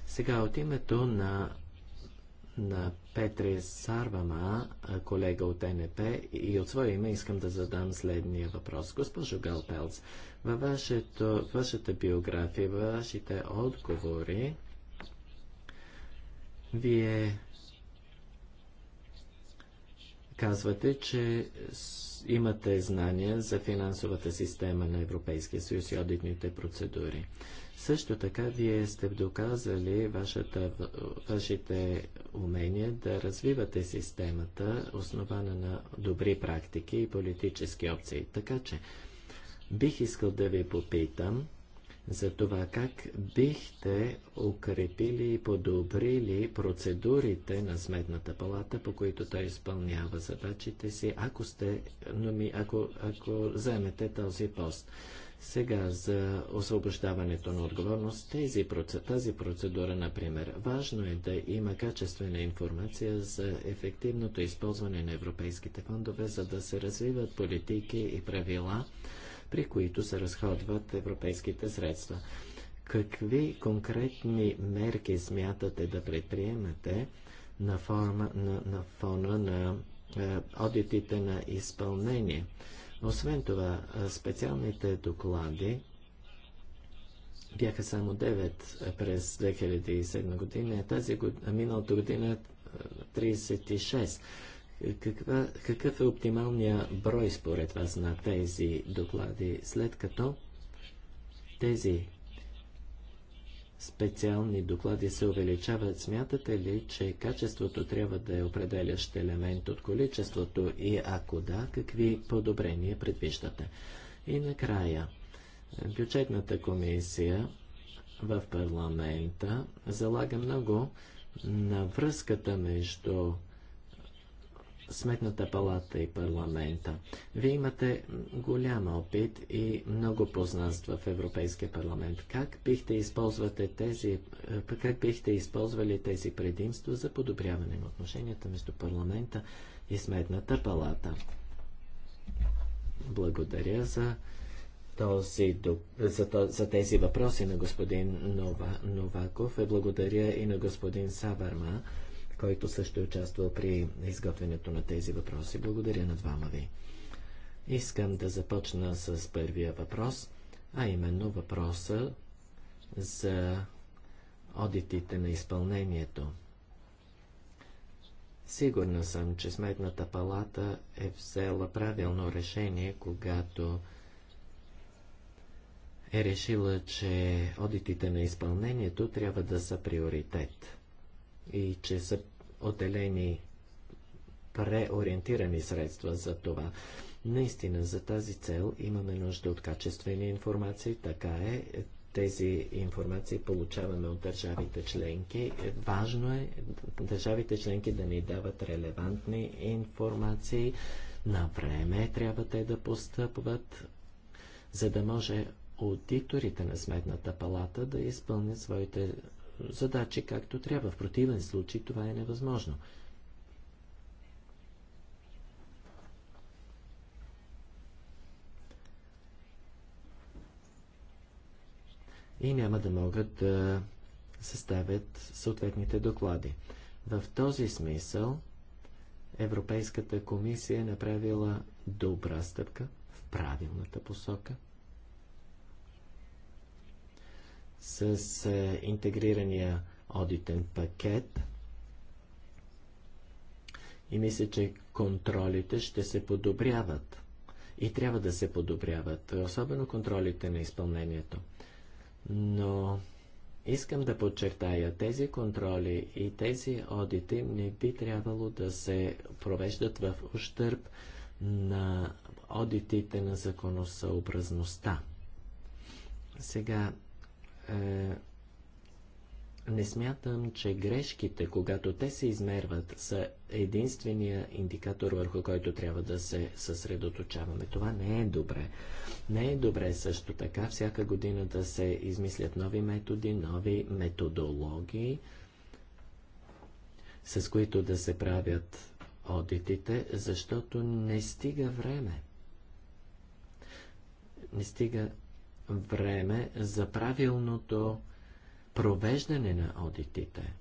Сега от името на на Петри Сарвама, колега от НП, и от свое име искам да задам следния въпрос. Госпожо Галпелц, във вашето, вашата биография, във вашите отговори, вие казвате, че имате знания за финансовата система на Европейския съюз и одитните процедури. Също така вие сте доказали вашата, вашите умения да развивате системата, основана на добри практики и политически опции. Така че бих искал да ви попитам за това как бихте укрепили и подобрили процедурите на Сметната палата, по които той изпълнява задачите си, ако, сте, ми, ако, ако вземете този пост. Сега за освобождаването на отговорност, тези, тази процедура, например, важно е да има качествена информация за ефективното използване на европейските фондове, за да се развиват политики и правила, при които се разходват европейските средства. Какви конкретни мерки смятате да предприемете на, форма, на, на фона на е, одитите на изпълнение? Освен това, специалните доклади бяха само 9 през 2007 година, тази година, миналата година 36. Каква, какъв е оптималният брой според вас на тези доклади, след като тези специални доклади се увеличават, смятате ли, че качеството трябва да е определящ елемент от количеството и ако да, какви подобрения предвиждате? И накрая, бюджетната комисия в парламента залага много на връзката между Сметната палата и парламента. Вие имате голям опит и много познанства в Европейския парламент. Как бихте, използвате тези, е, как бихте използвали тези предимства за подобряване на отношенията между парламента и Сметната палата? Благодаря за, този, за, за тези въпроси на господин Нова, Новаков и е, благодаря и на господин Сабарма който също е участвал при изготвянето на тези въпроси. Благодаря на двама ви. Искам да започна с първия въпрос, а именно въпроса за одитите на изпълнението. Сигурна съм, че Сметната палата е взела правилно решение, когато е решила, че одитите на изпълнението трябва да са приоритет и че са отделени преориентирани средства за това. Наистина, за тази цел имаме нужда от качествени информации, така е. Тези информации получаваме от държавите членки. Важно е държавите членки да ни дават релевантни информации. На време трябва те да постъпват, за да може аудиторите на Сметната палата да изпълнят своите задачи както трябва. В противен случай това е невъзможно. И няма да могат да съставят съответните доклади. В този смисъл Европейската комисия е направила добра стъпка в правилната посока – с е, интегрирания одитен пакет. И мисля, че контролите ще се подобряват. И трябва да се подобряват, особено контролите на изпълнението. Но искам да подчертая, тези контроли и тези одити не би трябвало да се провеждат в ущърп на одитите на законосъобразността. Сега е, не смятам, че грешките, когато те се измерват, са единствения индикатор, върху който трябва да се съсредоточаваме. Това не е добре. Не е добре също така всяка година да се измислят нови методи, нови методологии, с които да се правят одитите, защото не стига време. Не стига време за правилното провеждане на одитите.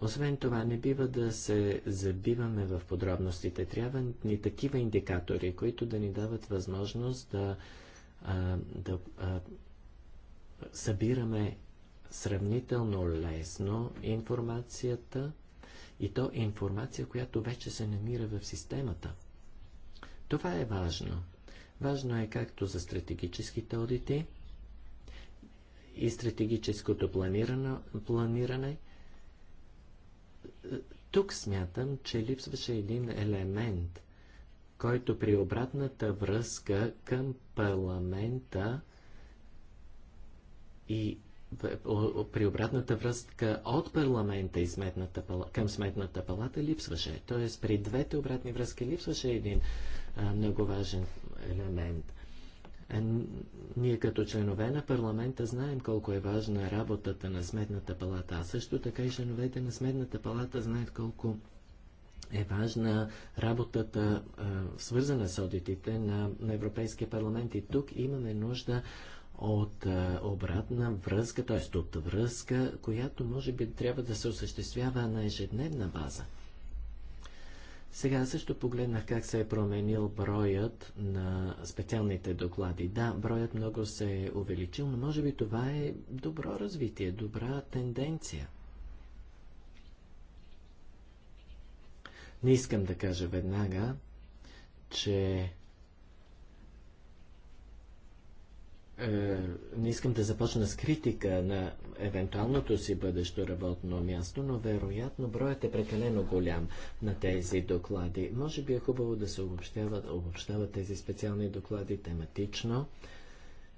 Освен това, не бива да се забиваме в подробностите. Трябва ни такива индикатори, които да ни дават възможност да, а, да а, събираме сравнително лесно информацията и то информация, която вече се намира в системата. Това е важно. Важно е както за стратегическите одити и стратегическото планиране, планиране. Тук смятам, че липсваше един елемент, който при обратната връзка към парламента и при обратната връзка от парламента и сметната пала, към сметната палата липсваше. Тоест при двете обратни връзки липсваше един а, много важен елемент. А ние като членове на парламента знаем колко е важна работата на Сметната палата, а също така и членовете на Сметната палата знаят колко е важна работата, свързана с одитите на, на Европейския парламент. И тук имаме нужда от обратна връзка, т.е. от връзка, която може би трябва да се осъществява на ежедневна база. Сега също погледнах как се е променил броят на специалните доклади. Да, броят много се е увеличил, но може би това е добро развитие, добра тенденция. Не искам да кажа веднага, че Е, не искам да започна с критика на евентуалното си бъдещо работно място, но вероятно броят е прекалено голям на тези доклади. Може би е хубаво да се обобщават, обобщават тези специални доклади тематично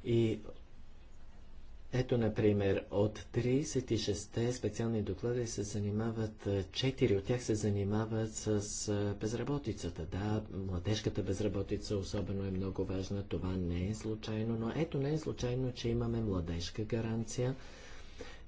и ето, например, от 36-те специални доклади се занимават, 4 е, от тях се занимават с е, безработицата. Да, младежката безработица особено е много важна, това не е случайно, но ето не е случайно, че имаме младежка гаранция –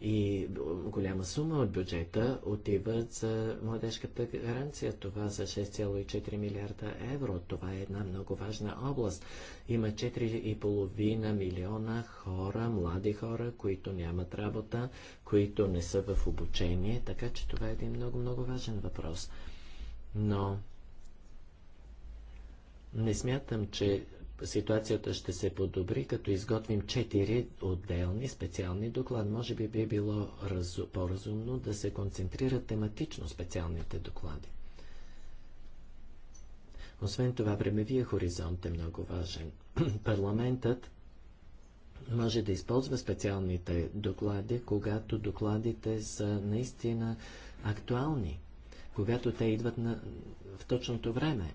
и голяма сума от бюджета отиват за младежката гаранция. Това за 6,4 милиарда евро. Това е една много важна област. Има 4,5 милиона хора, млади хора, които нямат работа, които не са в обучение, така че това е един много-много важен въпрос. Но не смятам, че ситуацията ще се подобри, като изготвим четири отделни специални доклада. Може би би било разу, по-разумно да се концентрират тематично специалните доклади. Освен това, времевия хоризонт е много важен. Парламентът може да използва специалните доклади, когато докладите са наистина актуални, когато те идват на, в точното време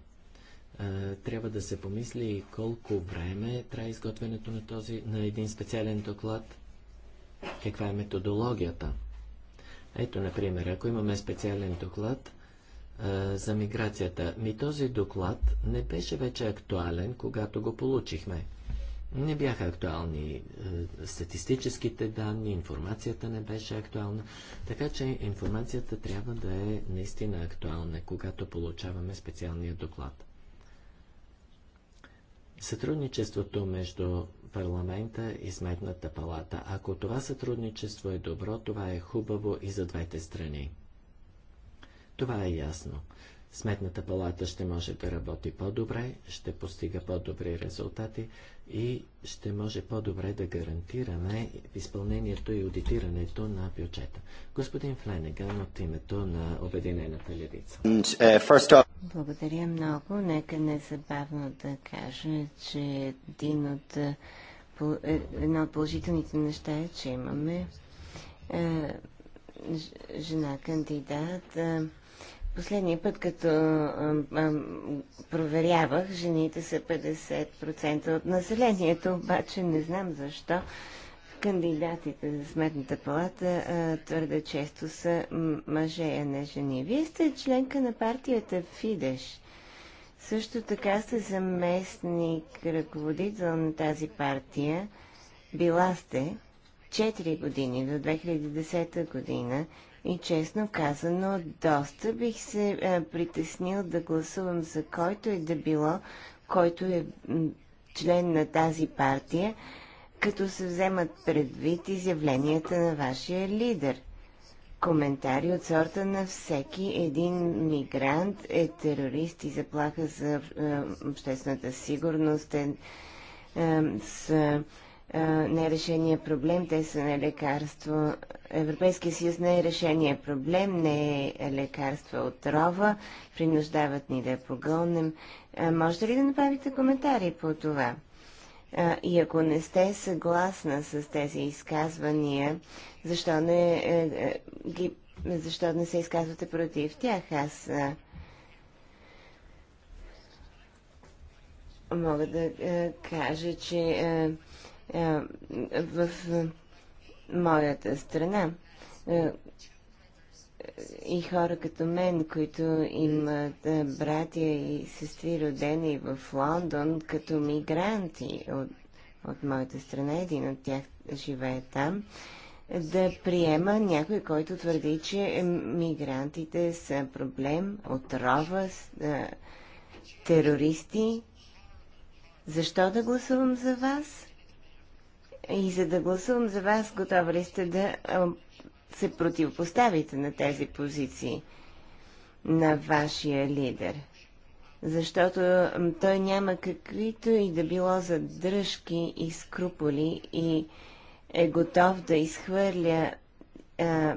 трябва да се помисли колко време трябва изготвянето на, този, на един специален доклад, каква е методологията. Ето, например, ако имаме специален доклад а, за миграцията, ми този доклад не беше вече актуален, когато го получихме. Не бяха актуални а, статистическите данни, информацията не беше актуална, така че информацията трябва да е наистина актуална, когато получаваме специалния доклад сътрудничеството между парламента и сметната палата. Ако това сътрудничество е добро, това е хубаво и за двете страни. Това е ясно. Сметната палата ще може да работи по-добре, ще постига по-добри резултати и ще може по-добре да гарантираме изпълнението и аудитирането на бюджета. Господин Фленеган от името на Обединената левица. Uh, Благодаря много. Нека незабавно да кажа, че един от, е, е, една от положителните неща е, че имаме е, жена кандидат. Е, Последния път, като а, а, проверявах, жените са 50% от населението, обаче не знам защо кандидатите за сметната палата а, твърде често са мъже, а не жени. Вие сте членка на партията Фидеш. Също така сте заместник, ръководител на тази партия. Била сте 4 години до 2010 година и честно казано, доста бих се е, притеснил да гласувам за който и е да било, който е член на тази партия, като се вземат предвид изявленията на вашия лидер. Коментари от сорта на всеки един мигрант е терорист и заплаха за е, обществената сигурност, е, е с не е решение проблем, те са не лекарство. Европейския съюз не е решение проблем, не е лекарство от рова, принуждават ни да я погълнем. Можете ли да направите коментари по това? И ако не сте съгласна с тези изказвания, защо не, е, е, ги, защо не се изказвате против тях? Аз мога да е, кажа, че е, в е, моята страна. Е, и хора като мен, които имат братя и сестри родени в Лондон като мигранти от, от моята страна, един от тях живее там, да приема някой, който твърди, че мигрантите са проблем, отрова, терористи. Защо да гласувам за вас? И за да гласувам за вас, готова ли сте да се противопоставите на тези позиции на вашия лидер? Защото той няма каквито и да било задръжки и скруполи и е готов да изхвърля а,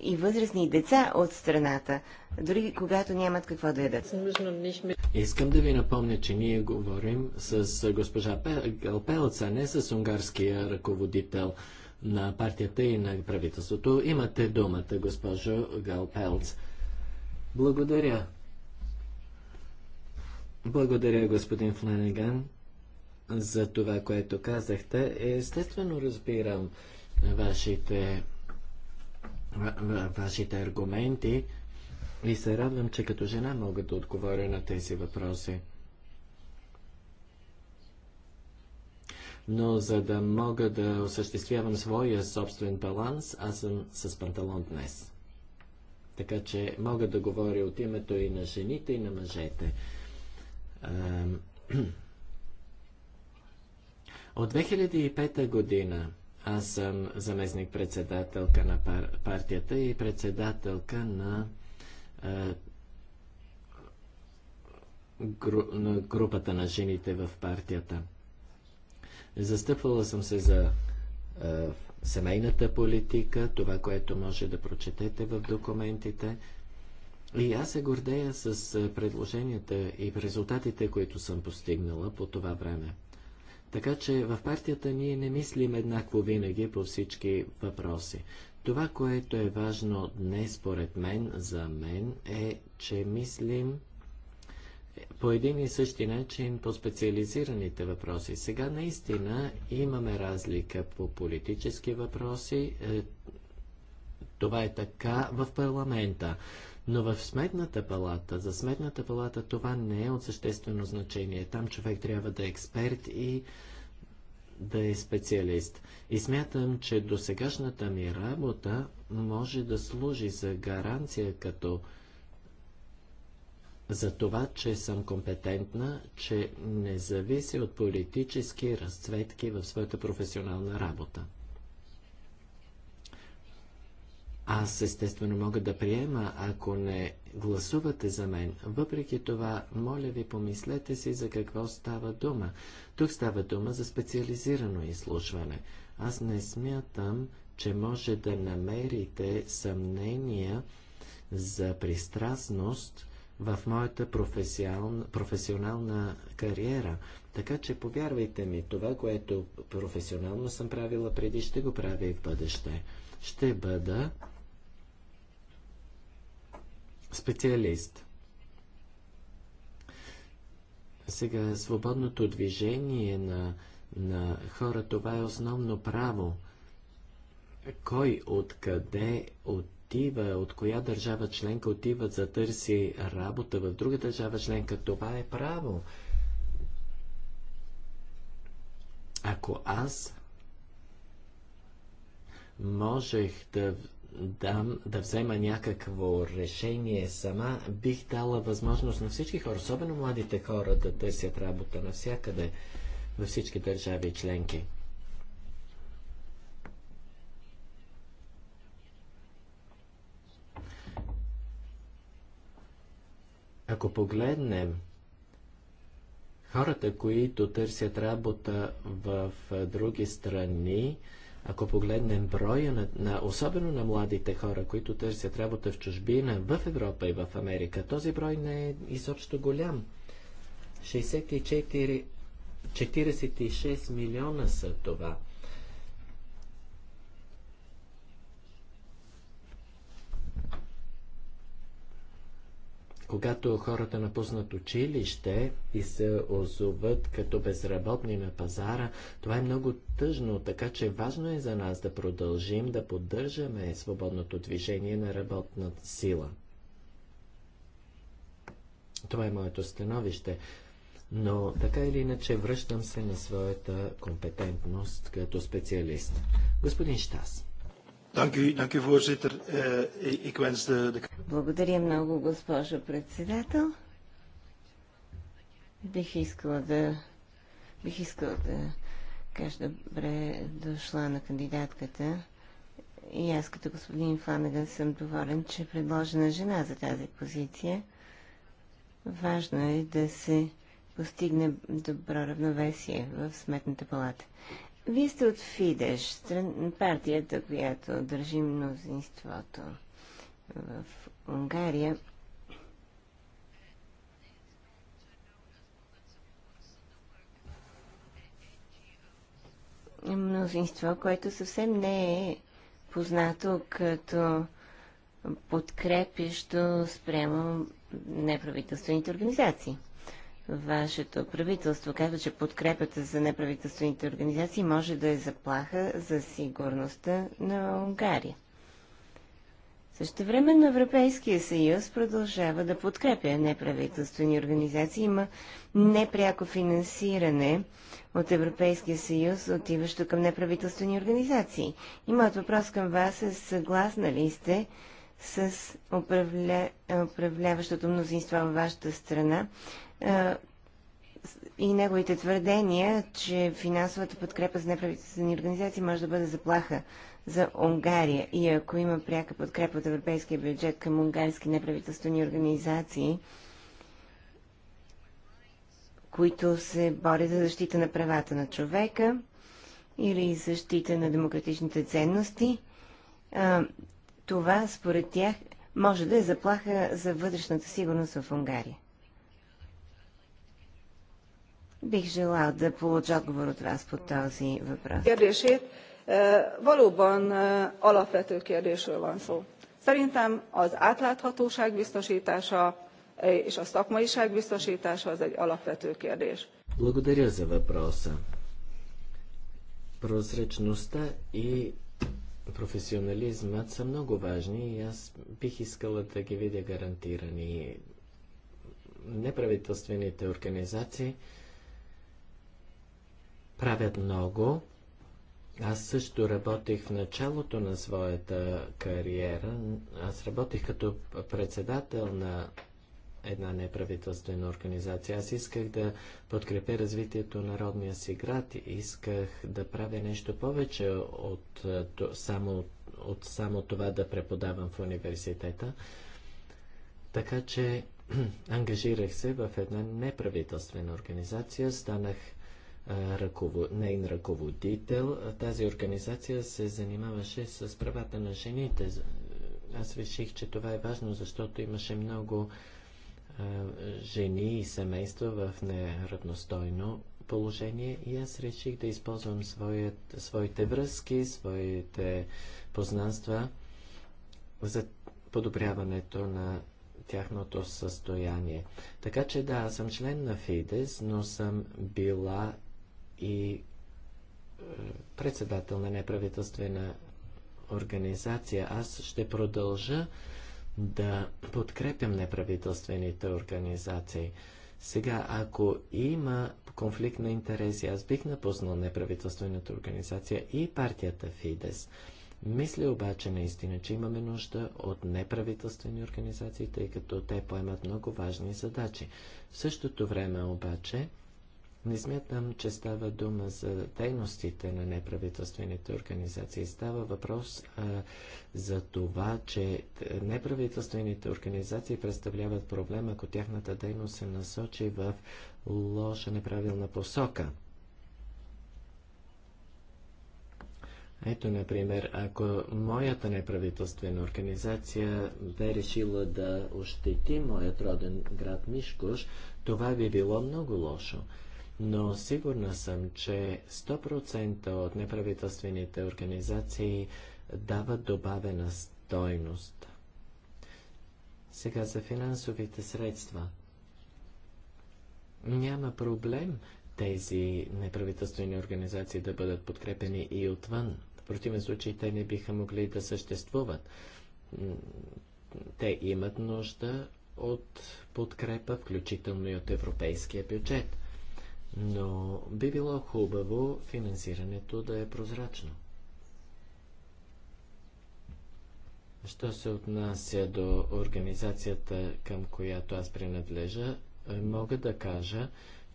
и възрастни деца от страната, дори когато нямат какво да ядат. Искам да ви напомня, че ние говорим с госпожа Галпелца, не с унгарския ръководител на партията и на правителството. Имате думата, госпожо Галпелц. Благодаря. Благодаря, господин Фланеган, за това, което казахте. Естествено разбирам вашите вашите аргументи и се радвам, че като жена мога да отговоря на тези въпроси. Но за да мога да осъществявам своя собствен баланс, аз съм с панталон днес. Така че мога да говоря от името и на жените, и на мъжете. От 2005 година аз съм заместник-председателка на пар партията и председателка на, а, гру на групата на жените в партията. Застъпвала съм се за а, семейната политика, това, което може да прочетете в документите. И аз се гордея с предложенията и резултатите, които съм постигнала по това време. Така че в партията ние не мислим еднакво винаги по всички въпроси. Това, което е важно днес, според мен, за мен, е, че мислим по един и същи начин по специализираните въпроси. Сега наистина имаме разлика по политически въпроси. Е, това е така в парламента. Но в сметната палата, за сметната палата това не е от съществено значение. Там човек трябва да е експерт и да е специалист. И смятам, че досегашната ми работа може да служи за гаранция като за това, че съм компетентна, че не зависи от политически разцветки в своята професионална работа. Аз естествено мога да приема, ако не гласувате за мен. Въпреки това, моля ви, помислете си за какво става дума. Тук става дума за специализирано изслушване. Аз не смятам, че може да намерите съмнения за пристрастност в моята професионална, професионална кариера. Така че повярвайте ми, това, което професионално съм правила преди, ще го правя и в бъдеще. Ще бъда специалист. Сега, свободното движение на, на хора, това е основно право. Кой откъде отива, от коя държава членка отива за търси работа в друга държава членка, това е право. Ако аз можех да дам, да взема някакво решение сама, бих дала възможност на всички хора, особено младите хора, да търсят работа навсякъде, във всички държави и членки. Ако погледнем хората, които търсят работа в други страни, ако погледнем броя на, на, особено на младите хора, които търсят работа в чужбина, в Европа и в Америка, този брой не е изобщо голям. 64, 46 милиона са това. Когато хората напуснат училище и се озоват като безработни на пазара, това е много тъжно, така че важно е за нас да продължим да поддържаме свободното движение на работна сила. Това е моето становище. Но така или иначе връщам се на своята компетентност като специалист. Господин Штас. Благодаря много, госпожо председател. Бих искала да, бих искала да кажа добре дошла на кандидатката. И аз като господин Фланаган съм доволен, че е предложена жена за тази позиция. Важно е да се постигне добро равновесие в сметната палата. Вие сте от Фидеш, партията, която държи мнозинството в Унгария. Мнозинство, което съвсем не е познато като подкрепящо спрямо неправителствените организации вашето правителство казва, че подкрепата за неправителствените организации може да е заплаха за сигурността на Унгария. на Европейския съюз продължава да подкрепя неправителствени организации. Има непряко финансиране от Европейския съюз, отиващо към неправителствени организации. И моят въпрос към вас е съгласна ли сте с управля... управляващото мнозинство във вашата страна и неговите твърдения, че финансовата подкрепа за неправителствени организации може да бъде заплаха за Унгария. И ако има пряка подкрепа от европейския бюджет към унгарски неправителствени организации, които се борят за защита на правата на човека или защита на демократичните ценности, това според тях може да е заплаха за вътрешната сигурност в Унгария. Бих желал да получа отговор от вас по този въпрос. Kérdését е, valóban е, alapvető kérdésről van szó. Szerintem az átláthatóság biztosítása e, és a szakmaiság biztosítása az egy alapvető kérdés. Благодаря за въпроса. Прозрачността и професионализмът са много важни и аз бих искала да ги видя гарантирани. Неправителствените организации правят много. Аз също работих в началото на своята кариера. Аз работих като председател на една неправителствена организация. Аз исках да подкрепя развитието на родния си град. Исках да правя нещо повече от, е, само, от само това да преподавам в университета. Така че ангажирах се в една неправителствена организация, станах ръковод... нейн ръководител. Тази организация се занимаваше с правата на жените. Аз реших, че това е важно, защото имаше много а, жени и семейства в неравностойно положение и аз реших да използвам своят, своите връзки, своите познанства за подобряването на тяхното състояние. Така че да, аз съм член на Фидес, но съм била и е, председател на неправителствена организация. Аз ще продължа да подкрепям неправителствените организации. Сега, ако има конфликт на интереси, аз бих напуснал неправителствената организация и партията Фидес. Мисля обаче наистина, че имаме нужда от неправителствени организации, тъй като те поемат много важни задачи. В същото време обаче, не смятам, че става дума за дейностите на неправителствените организации. Става въпрос а, за това, че е, неправителствените организации представляват проблем, ако тяхната дейност се насочи в лоша, неправилна посока. Ето, например, ако моята неправителствена организация бе решила да ощети моят роден град Мишкош, това би било много лошо но сигурна съм, че 100% от неправителствените организации дават добавена стойност. Сега за финансовите средства. Няма проблем тези неправителствени организации да бъдат подкрепени и отвън. В противен случай те не биха могли да съществуват. Те имат нужда от подкрепа, включително и от европейския бюджет но би било хубаво финансирането да е прозрачно. Що се отнася до организацията, към която аз принадлежа, е, мога да кажа,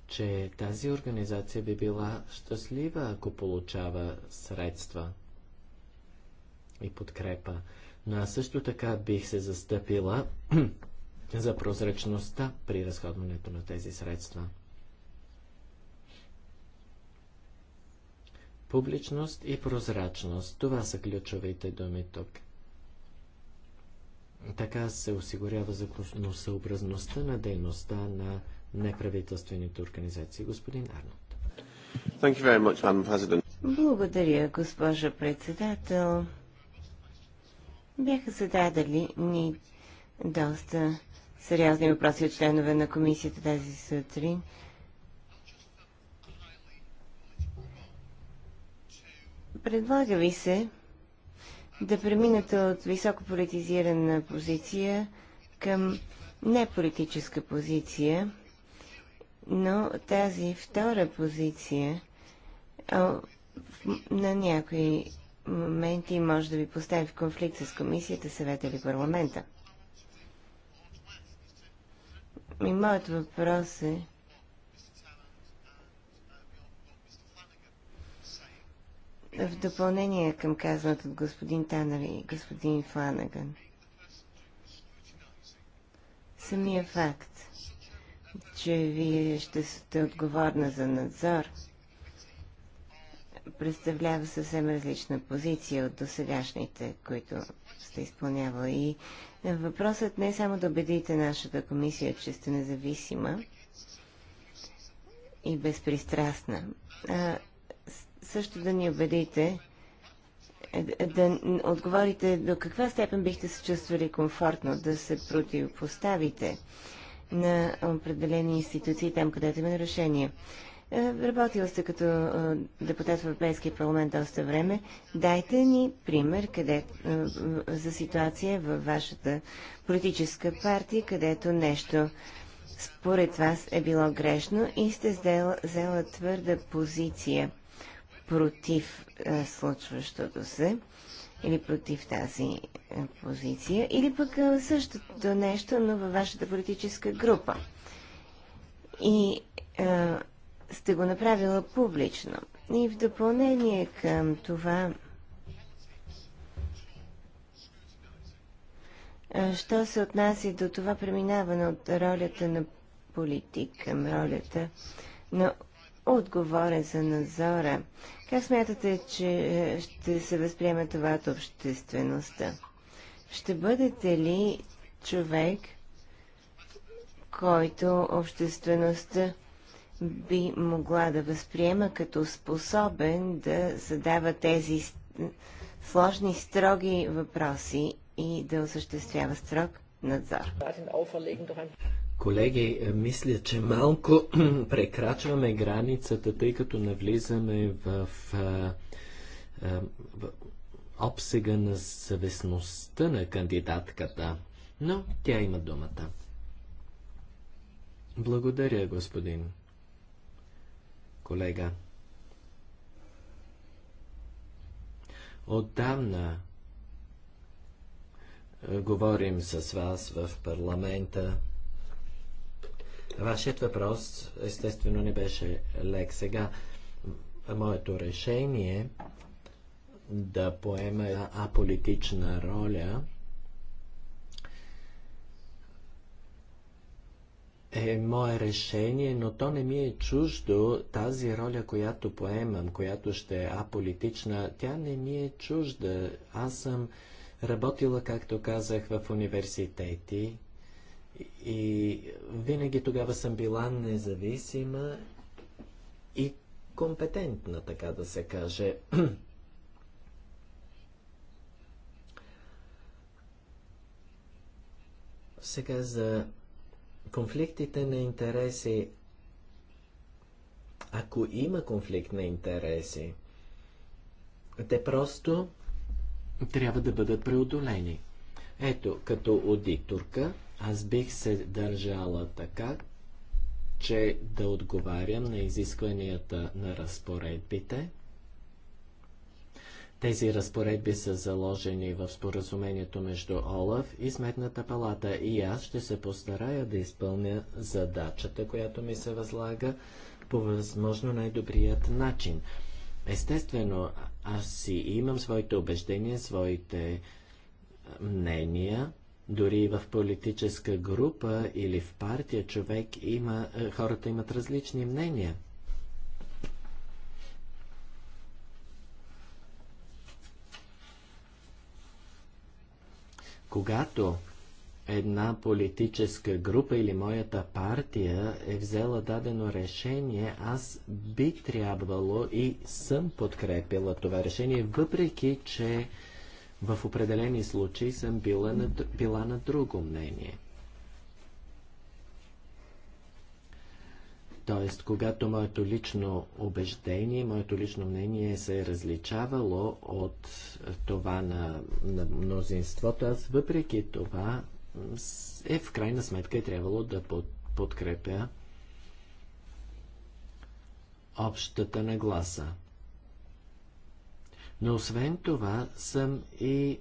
че тази организация би била щастлива, ако получава средства и подкрепа. Но аз също така бих се застъпила за прозрачността при разходването на тези средства. Публичност и прозрачност. Това са ключовите думи тук. Така се осигурява законосъобразността на дейността на неправителствените организации. Господин Арнот. Much, Благодаря, госпожа председател. Бяха зададали ни доста сериозни въпроси от членове на комисията тази сутрин. Предлага ви се да преминете от високо политизирана позиция към неполитическа позиция, но тази втора позиция на някои моменти може да ви постави в конфликт с комисията, съвета или парламента. И моят въпрос е в допълнение към казаното от господин Танър и господин Фланаган. Самия факт, че вие ще сте отговорна за надзор, представлява съвсем различна позиция от досегашните, които сте изпълнявали. И въпросът не е само да убедите нашата комисия, че сте независима и безпристрастна, а също да ни убедите, е, е, да отговорите до каква степен бихте се чувствали комфортно да се противопоставите на определени институции там, където има нарушения. Е, работила сте като депутат в Европейския парламент доста време. Дайте ни пример къде, за ситуация във вашата политическа партия, където нещо според вас е било грешно и сте взела твърда позиция против а, е, случващото се или против тази а, е, позиция, или пък а, е, същото нещо, но във вашата политическа група. И а, сте го направила публично. И в допълнение към това, а, що се отнася до това преминаване от ролята на политик към ролята на отговорен за надзора. Как смятате, че е, ще се възприема това от обществеността? Ще бъдете ли човек, който обществеността би могла да възприема като способен да задава тези сложни, строги въпроси и да осъществява строг надзор? Колеги, е, мисля, че малко прекрачваме границата, тъй като навлизаме в, в, е, е, в обсега на съвестността на кандидатката, но тя има думата. Благодаря, господин колега. Отдавна говорим с вас в парламента Вашият въпрос, естествено, не беше лек. Сега, моето решение да поема аполитична роля е мое решение, но то не ми е чуждо. Тази роля, която поемам, която ще е аполитична, тя не ми е чужда. Аз съм работила, както казах, в университети, и винаги тогава съм била независима и компетентна, така да се каже. Сега за конфликтите на интереси. Ако има конфликт на интереси, те просто трябва да бъдат преодолени. Ето, като аудиторка, аз бих се държала така, че да отговарям на изискванията на разпоредбите. Тези разпоредби са заложени в споразумението между ОЛАФ и Сметната палата и аз ще се постарая да изпълня задачата, която ми се възлага по възможно най-добрият начин. Естествено, аз си имам своите убеждения, своите мнения, дори в политическа група или в партия човек има, е, хората имат различни мнения. Когато една политическа група или моята партия е взела дадено решение, аз би трябвало и съм подкрепила това решение, въпреки че в определени случаи съм била на, била на друго мнение. Тоест, когато моето лично убеждение, моето лично мнение се е различавало от това на, на мнозинството, аз въпреки това е в крайна сметка е трябвало да под, подкрепя общата нагласа. Но освен това съм и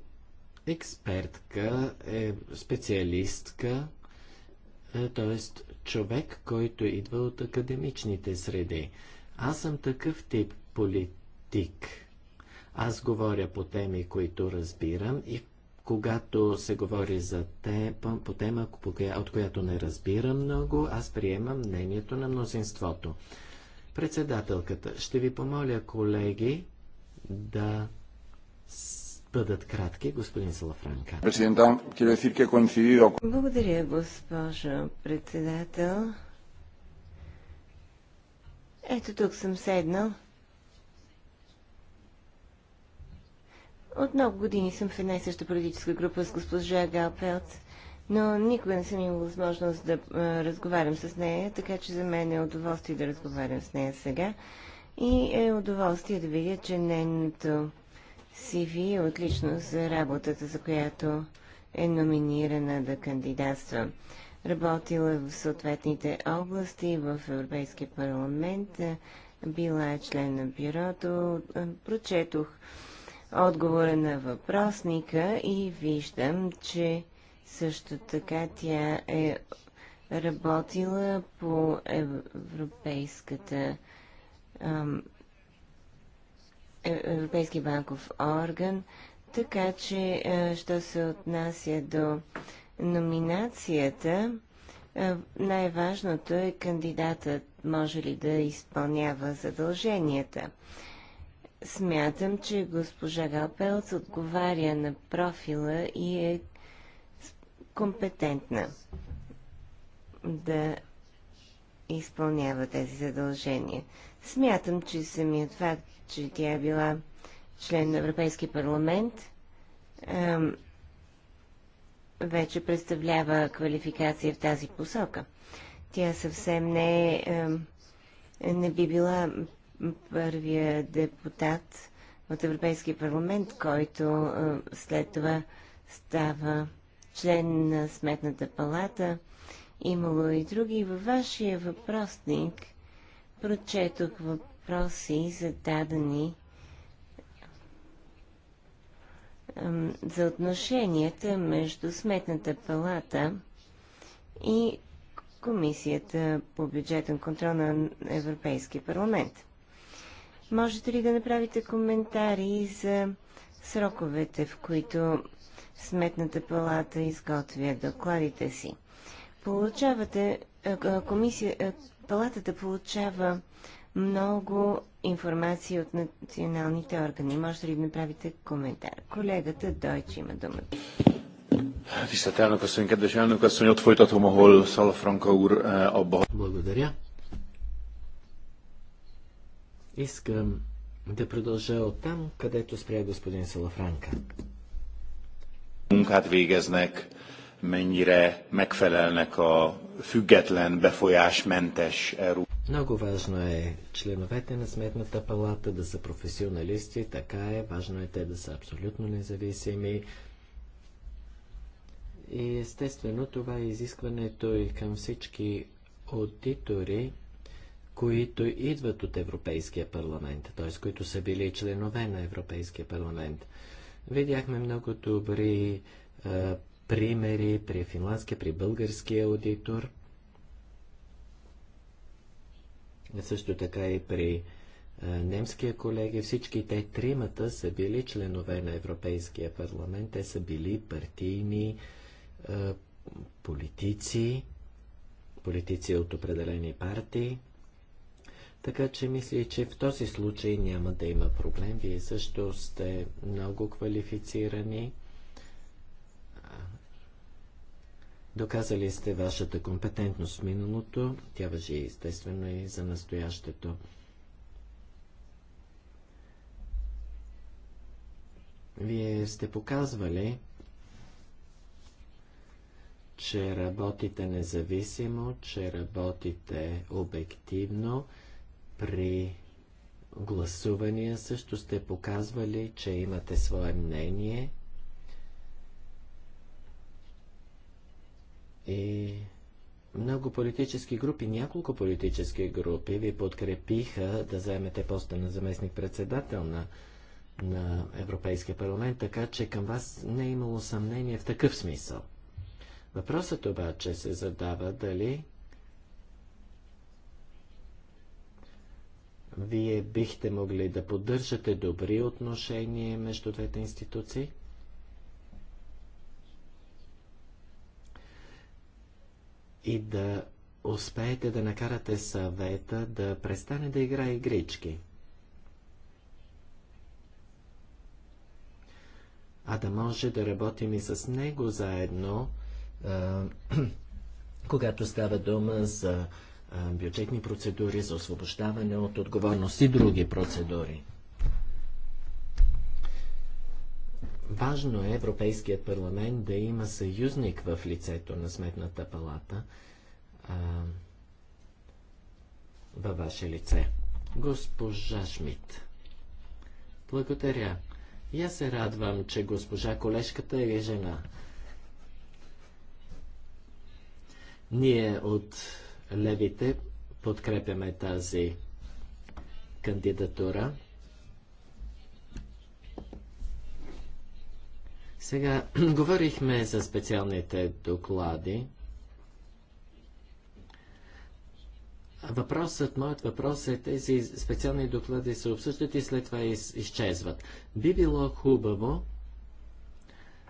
експертка, е, специалистка, е, т.е. човек, който идва от академичните среди. Аз съм такъв тип политик. Аз говоря по теми, които разбирам и когато се говори за те, по, по тема, от която не разбирам много, аз приемам мнението на мнозинството. Председателката, ще ви помоля, колеги, да бъдат кратки. Господин Салафранка. Благодаря, госпожо председател. Ето тук съм седнал. От много години съм в една и съща политическа група с госпожа Галпелт, но никога не съм имал възможност да а, разговарям с нея, така че за мен е удоволствие да разговарям с нея сега и е удоволствие да видя, че нейното CV е отлично за работата, за която е номинирана да кандидатства. Работила е в съответните области в Европейския парламент, била е член на бюрото, прочетох отговора на въпросника и виждам, че също така тя е работила по Европейската Европейски банков орган, така че, е, що се отнася до номинацията, е, най-важното е кандидатът може ли да изпълнява задълженията. Смятам, че госпожа Галпелц отговаря на профила и е компетентна да изпълнява тези задължения. Смятам, че самият факт, че тя е била член на Европейски парламент, вече представлява квалификация в тази посока. Тя съвсем не, е, не би била първия депутат от Европейския парламент, който след това става член на Сметната палата. Имало и други. Във вашия въпросник прочетох въпроси, зададени за отношенията между Сметната палата и Комисията по бюджетен контрол на Европейския парламент. Можете ли да направите коментари за сроковете, в които Сметната палата изготвя докладите си? Получавате комисия, палатата получава много информация от националните органи. Може ли да направите коментар? Колегата Дойч има думата. Eh, Благодаря. Искам да продължа от там, където спря господин Салафранка mennyire megfelelnek a független, befolyásmentes Európa. Много важно е членовете на Сметната палата да са професионалисти, така е, важно е те да са абсолютно независими. И естествено това е изискването и към всички аудитори, които идват от Европейския парламент, т.е. които са били членове на Европейския парламент. Видяхме много добри е, примери при финландския, при българския аудитор, също така и при немския колеги, всички те тримата са били членове на Европейския парламент, те са били партийни политици, политици от определени партии. Така че мисля, че в този случай няма да има проблем. Вие също сте много квалифицирани. Доказали сте вашата компетентност в миналото, тя въжи естествено и за настоящето. Вие сте показвали, че работите независимо, че работите обективно при гласувания също сте показвали, че имате свое мнение – И е, много политически групи, няколко политически групи ви подкрепиха да заемете поста на заместник-председател на, на Европейския парламент, така че към вас не е имало съмнение в такъв смисъл. Въпросът обаче се задава дали вие бихте могли да поддържате добри отношения между двете институции? и да успеете да накарате съвета да престане да играе игрички, а да може да работим и с него заедно, а, когато става дума за бюджетни процедури, за освобождаване от отговорност и други процедури. Важно е Европейският парламент да има съюзник в лицето на Сметната палата а, във ваше лице. Госпожа Шмидт. Благодаря. Я се радвам, че госпожа колежката е жена. Ние от левите подкрепяме тази кандидатура. Сега говорихме за специалните доклади. Въпросът, моят въпрос е, тези специални доклади се обсъждат и след това из, изчезват. Би било хубаво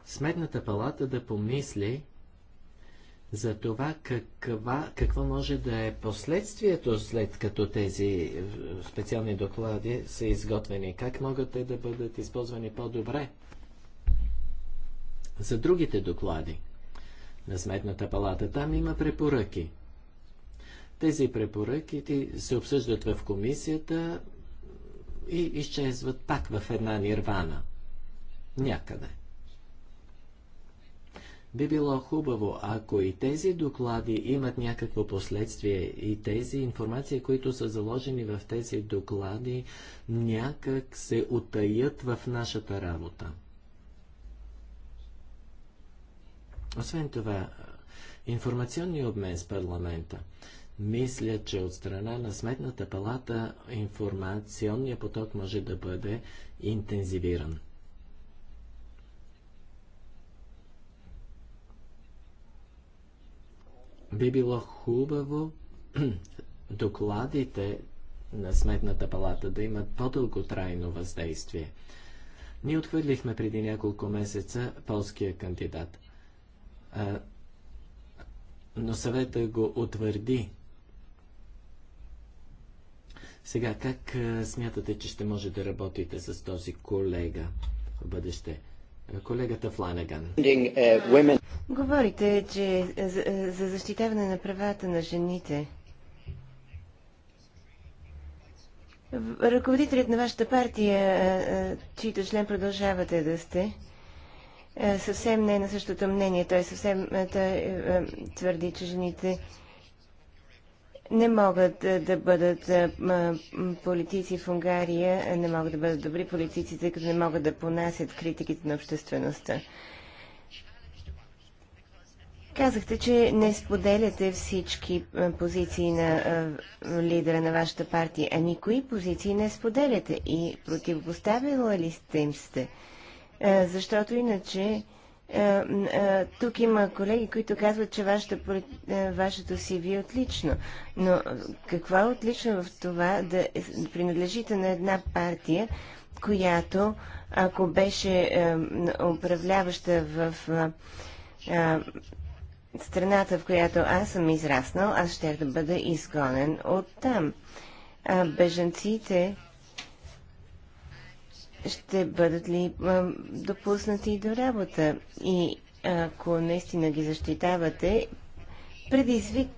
Сметната палата да помисли за това каква, какво може да е последствието след като тези е, специални доклади са изготвени. Как могат те да бъдат използвани по-добре? За другите доклади на Сметната палата, там има препоръки. Тези препоръки се обсъждат в комисията и изчезват пак в една нирвана. Някъде. Би било хубаво, ако и тези доклади имат някакво последствие и тези информации, които са заложени в тези доклади, някак се отаят в нашата работа. Освен това, информационния обмен с парламента. Мисля, че от страна на Сметната палата информационния поток може да бъде интензивиран. Би било хубаво докладите на Сметната палата да имат по-дълготрайно въздействие. Ние отхвърлихме преди няколко месеца полския кандидат – а, но съвета го утвърди. Сега, как а, смятате, че ще може да работите с този колега в бъдеще? Колегата Фланаган. Uh, Говорите, че е, за, е, за защитаване на правата на жените. Ръководителят на вашата партия, е, чийто член продължавате да сте, е, съвсем не е на същото мнение. Той съвсем е, той, е, твърди, че жените не могат да бъдат политици в Унгария, не могат да бъдат добри политици, тъй като не могат да понасят критиките на обществеността. Казахте, че не споделяте всички позиции на лидера на вашата партия. Ами кои позиции не споделяте и противопоставила ли сте им сте? Е, защото иначе е, е, тук има колеги, които казват, че вашето си ви е отлично. Но какво е отлично в това да принадлежите на една партия, която, ако беше управляваща в страната, в която аз съм израснал, аз ще да бъда изгонен от там. Бежанците ще бъдат ли допуснати до работа. И ако наистина ги защитавате, предизвик,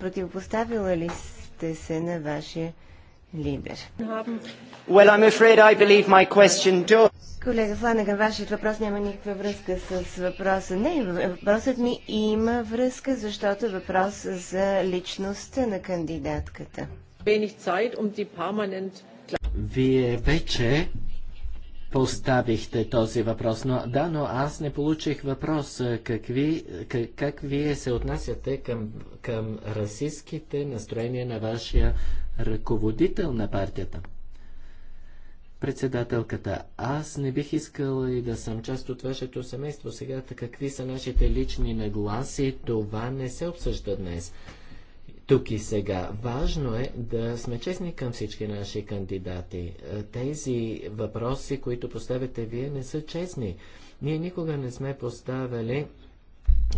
противопоставила ли сте се на вашия лидер? Well, I'm afraid I believe my question Колега Фланега, вашият въпрос няма никаква връзка с въпроса. Не, въпросът ми има връзка, защото въпрос за личността на кандидатката. Um Вие вече поставихте този въпрос. Но, да, но аз не получих въпрос. Какви, как, как вие се отнасяте към, към расистските настроения на вашия ръководител на партията? Председателката, аз не бих искала и да съм част от вашето семейство. Сега какви са нашите лични нагласи, това не се обсъжда днес тук и сега. Важно е да сме честни към всички наши кандидати. Е, тези въпроси, които поставяте вие, не са честни. Ние никога не сме поставили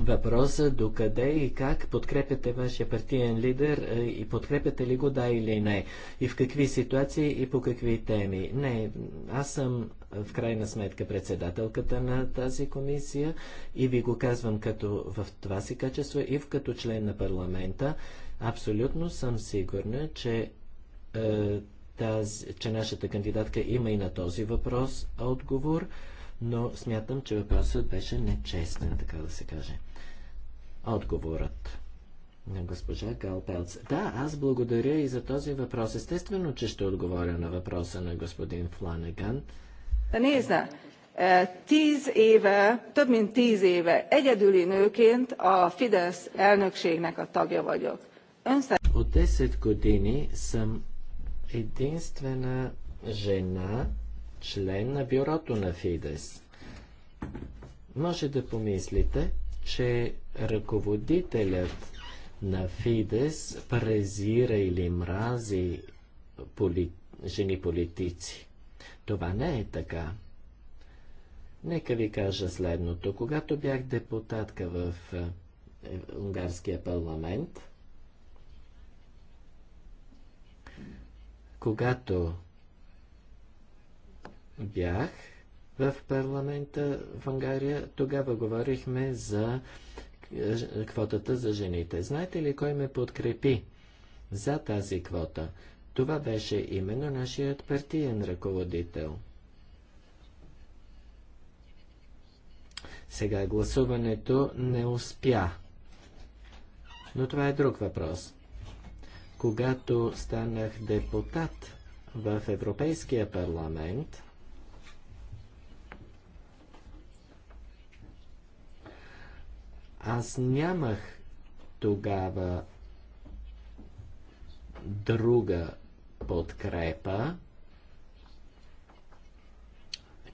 въпроса до къде и как подкрепяте вашия партиен лидер е, и подкрепяте ли го да или не и в какви ситуации и по какви теми. Не, аз съм е, в крайна сметка председателката на тази комисия и ви го казвам като в това си качество и в като член на парламента. Абсолютно съм сигурна, че, е, таз, че нашата кандидатка има и на този въпрос отговор, но смятам, че въпросът беше нечестен, така да се каже. Отговорът на госпожа Галпелц. Да, аз благодаря и за този въпрос. Естествено, че ще отговоря на въпроса на господин Фланеган. Nézd, е, tíz éve, több mint tíz éve egyedüli nőként a Fidesz elnökségnek a tagja vagyok. От 10 години съм единствена жена, член на бюрото на Фидес. Може да помислите, че ръководителят на Фидес презира или мрази поли... жени политици. Това не е така. Нека ви кажа следното. Когато бях депутатка в е, Унгарския парламент, Когато бях в парламента в Ангария, тогава говорихме за е, квотата за жените. Знаете ли кой ме подкрепи за тази квота? Това беше именно нашият партиен ръководител. Сега гласуването не успя. Но това е друг въпрос. Когато станах депутат в Европейския парламент, аз нямах тогава друга подкрепа.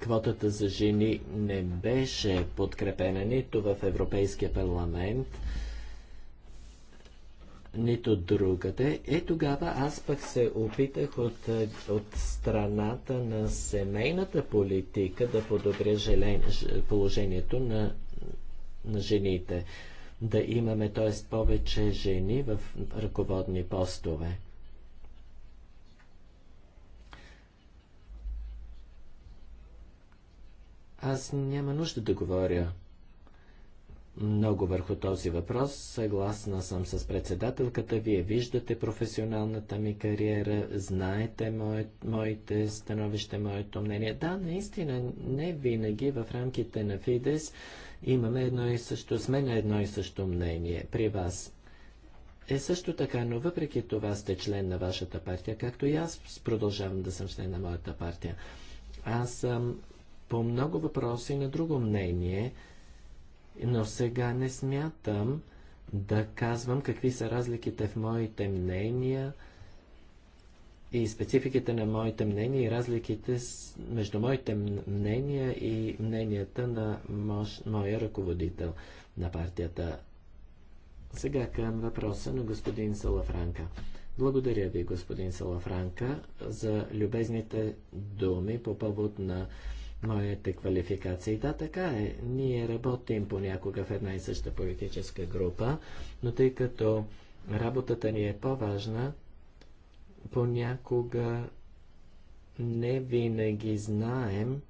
Квотата за жени не беше подкрепена нито в Европейския парламент, нито другаде. Е тогава аз пък се опитах от, е, от страната на семейната политика да подобря желен, положението на, на жените. Да имаме, т.е. повече жени в ръководни постове. Аз няма нужда да говоря много върху този въпрос. Съгласна съм с председателката. Вие виждате професионалната ми кариера, знаете мое, моите становище, моето мнение. Да, наистина, не винаги в рамките на Фидес имаме едно и също, сме на едно и също мнение при вас. Е също така, но въпреки това сте член на вашата партия, както и аз продължавам да съм член на моята партия. Аз съм по много въпроси на друго мнение но сега не смятам да казвам какви са разликите в моите мнения и спецификите на моите мнения и разликите между моите мнения и мненията на мож, моя ръководител на партията. Сега към въпроса на господин Салафранка. Благодаря ви, господин Салафранка, за любезните думи по повод на моите квалификации. Да, така е. Ние работим понякога в една и съща политическа група, но тъй като работата ни е по-важна, понякога не винаги знаем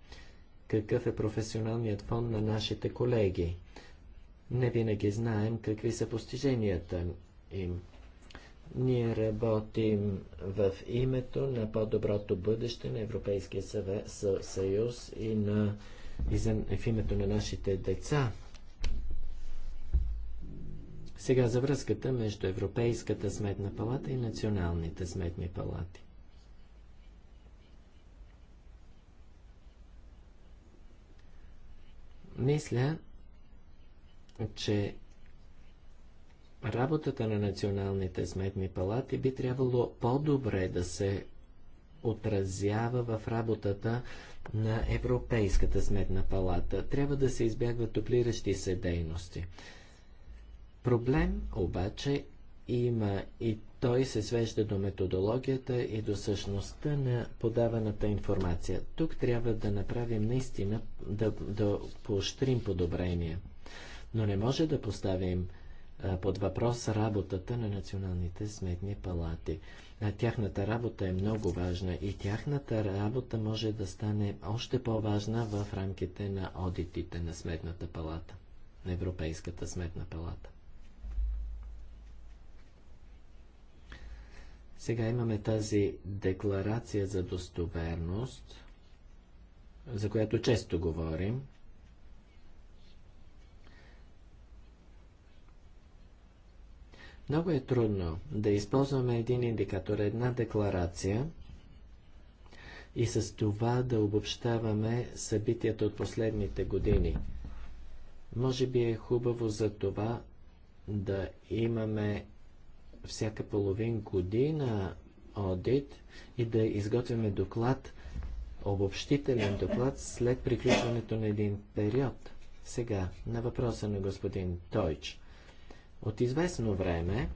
какъв е професионалният фон на нашите колеги. Не винаги знаем какви са постиженията им. Ние работим в името на по-доброто бъдеще на Европейския съюз и, на, и за, в името на нашите деца. Сега за връзката между Европейската сметна палата и националните сметни палати. Мисля, че работата на националните сметни палати би трябвало по-добре да се отразява в работата на Европейската сметна палата. Трябва да се избягват топлиращи се дейности. Проблем обаче има и той се свежда до методологията и до същността на подаваната информация. Тук трябва да направим наистина, да, да поощрим подобрение. Но не може да поставим под въпрос работата на националните сметни палати. Тяхната работа е много важна и тяхната работа може да стане още по-важна в рамките на одитите на Сметната палата, на Европейската сметна палата. Сега имаме тази декларация за достоверност, за която често говорим – Много е трудно да използваме един индикатор, една декларация и с това да обобщаваме събитията от последните години. Може би е хубаво за това да имаме всяка половин година одит и да изготвяме доклад, обобщителен доклад след приключването на един период. Сега, на въпроса на господин Тойч. От известно време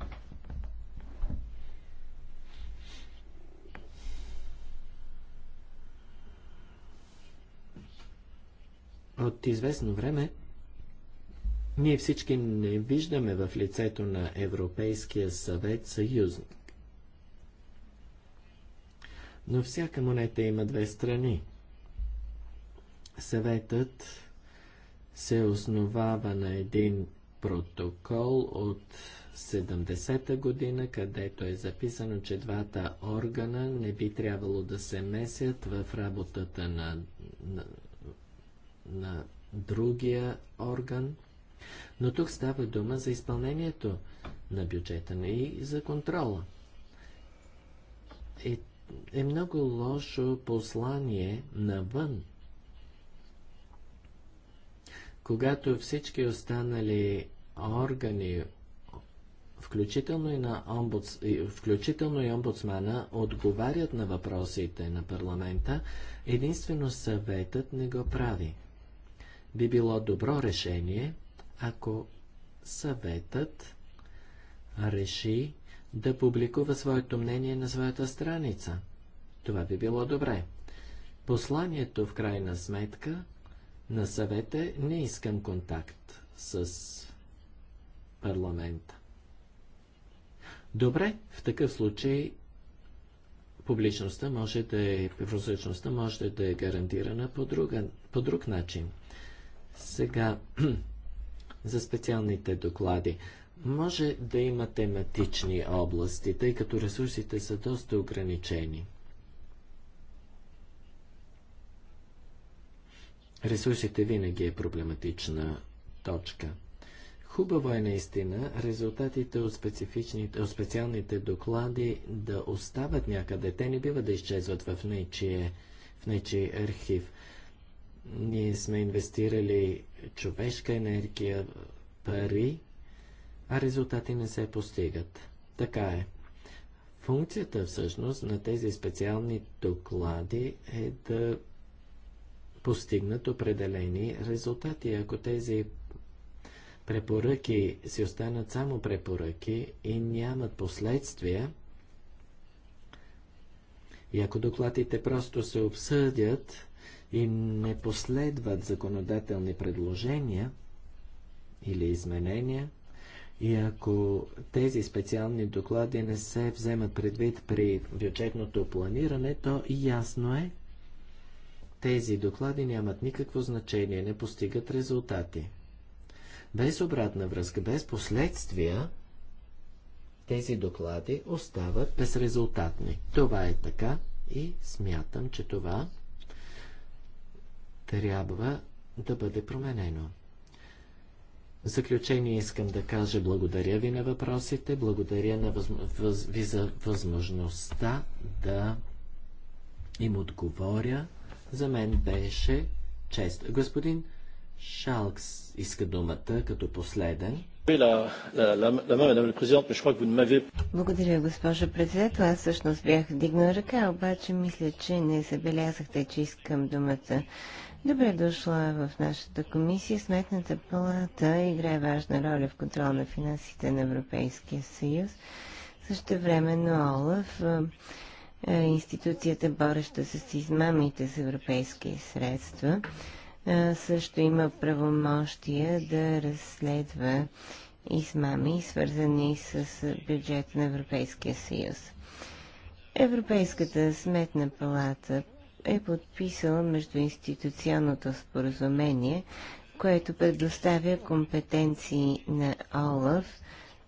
от известно време ние всички не виждаме в лицето на Европейския съвет съюзник. Но всяка монета има две страни. Съветът се основава на един протокол от 70-та година, където е записано, че двата органа не би трябвало да се месят в работата на, на, на другия орган. Но тук става дума за изпълнението на бюджета и за контрола. Е, е много лошо послание навън. Когато всички останали органи, включително и, на омбудс, включително и омбудсмана, отговарят на въпросите на парламента, единствено съветът не го прави. Би било добро решение, ако съветът реши да публикува своето мнение на своята страница. Това би било добре. Посланието в крайна сметка на съвета е, не искам контакт с парламента. Добре, в такъв случай публичността може да е, прозрачността може да е гарантирана по, друга, по друг начин. Сега, за специалните доклади. Може да има тематични области, тъй като ресурсите са доста ограничени. Ресурсите винаги е проблематична точка – Хубаво е наистина резултатите от, от специалните доклади да остават някъде. Те не бива да изчезват в нечие, в нечие архив. Ние сме инвестирали човешка енергия, пари, а резултати не се постигат. Така е. Функцията всъщност на тези специални доклади е да постигнат определени резултати. Ако тези препоръки си останат само препоръки и нямат последствия, и ако докладите просто се обсъдят и не последват законодателни предложения или изменения, и ако тези специални доклади не се вземат предвид при бюджетното планиране, то ясно е, тези доклади нямат никакво значение, не постигат резултати без обратна връзка, без последствия, тези доклади остават безрезултатни. Това е така и смятам, че това трябва да бъде променено. В заключение искам да кажа благодаря ви на въпросите, благодаря на възм... въз... ви за възможността да им отговоря. За мен беше чест. Господин Шалкс иска думата като последен. Благодаря, госпожо председател. Аз всъщност бях вдигнал ръка, обаче мисля, че не забелязахте, че искам думата. Добре дошла в нашата комисия. Сметната палата играе важна роля в контрол на финансите на Европейския съюз. Също време на ОЛАФ, институцията бореща с измамите с европейски средства, е, също има правомощия да разследва измами, свързани с бюджет на Европейския съюз. Европейската сметна палата е подписала междуинституционното споразумение, което предоставя компетенции на ОЛАФ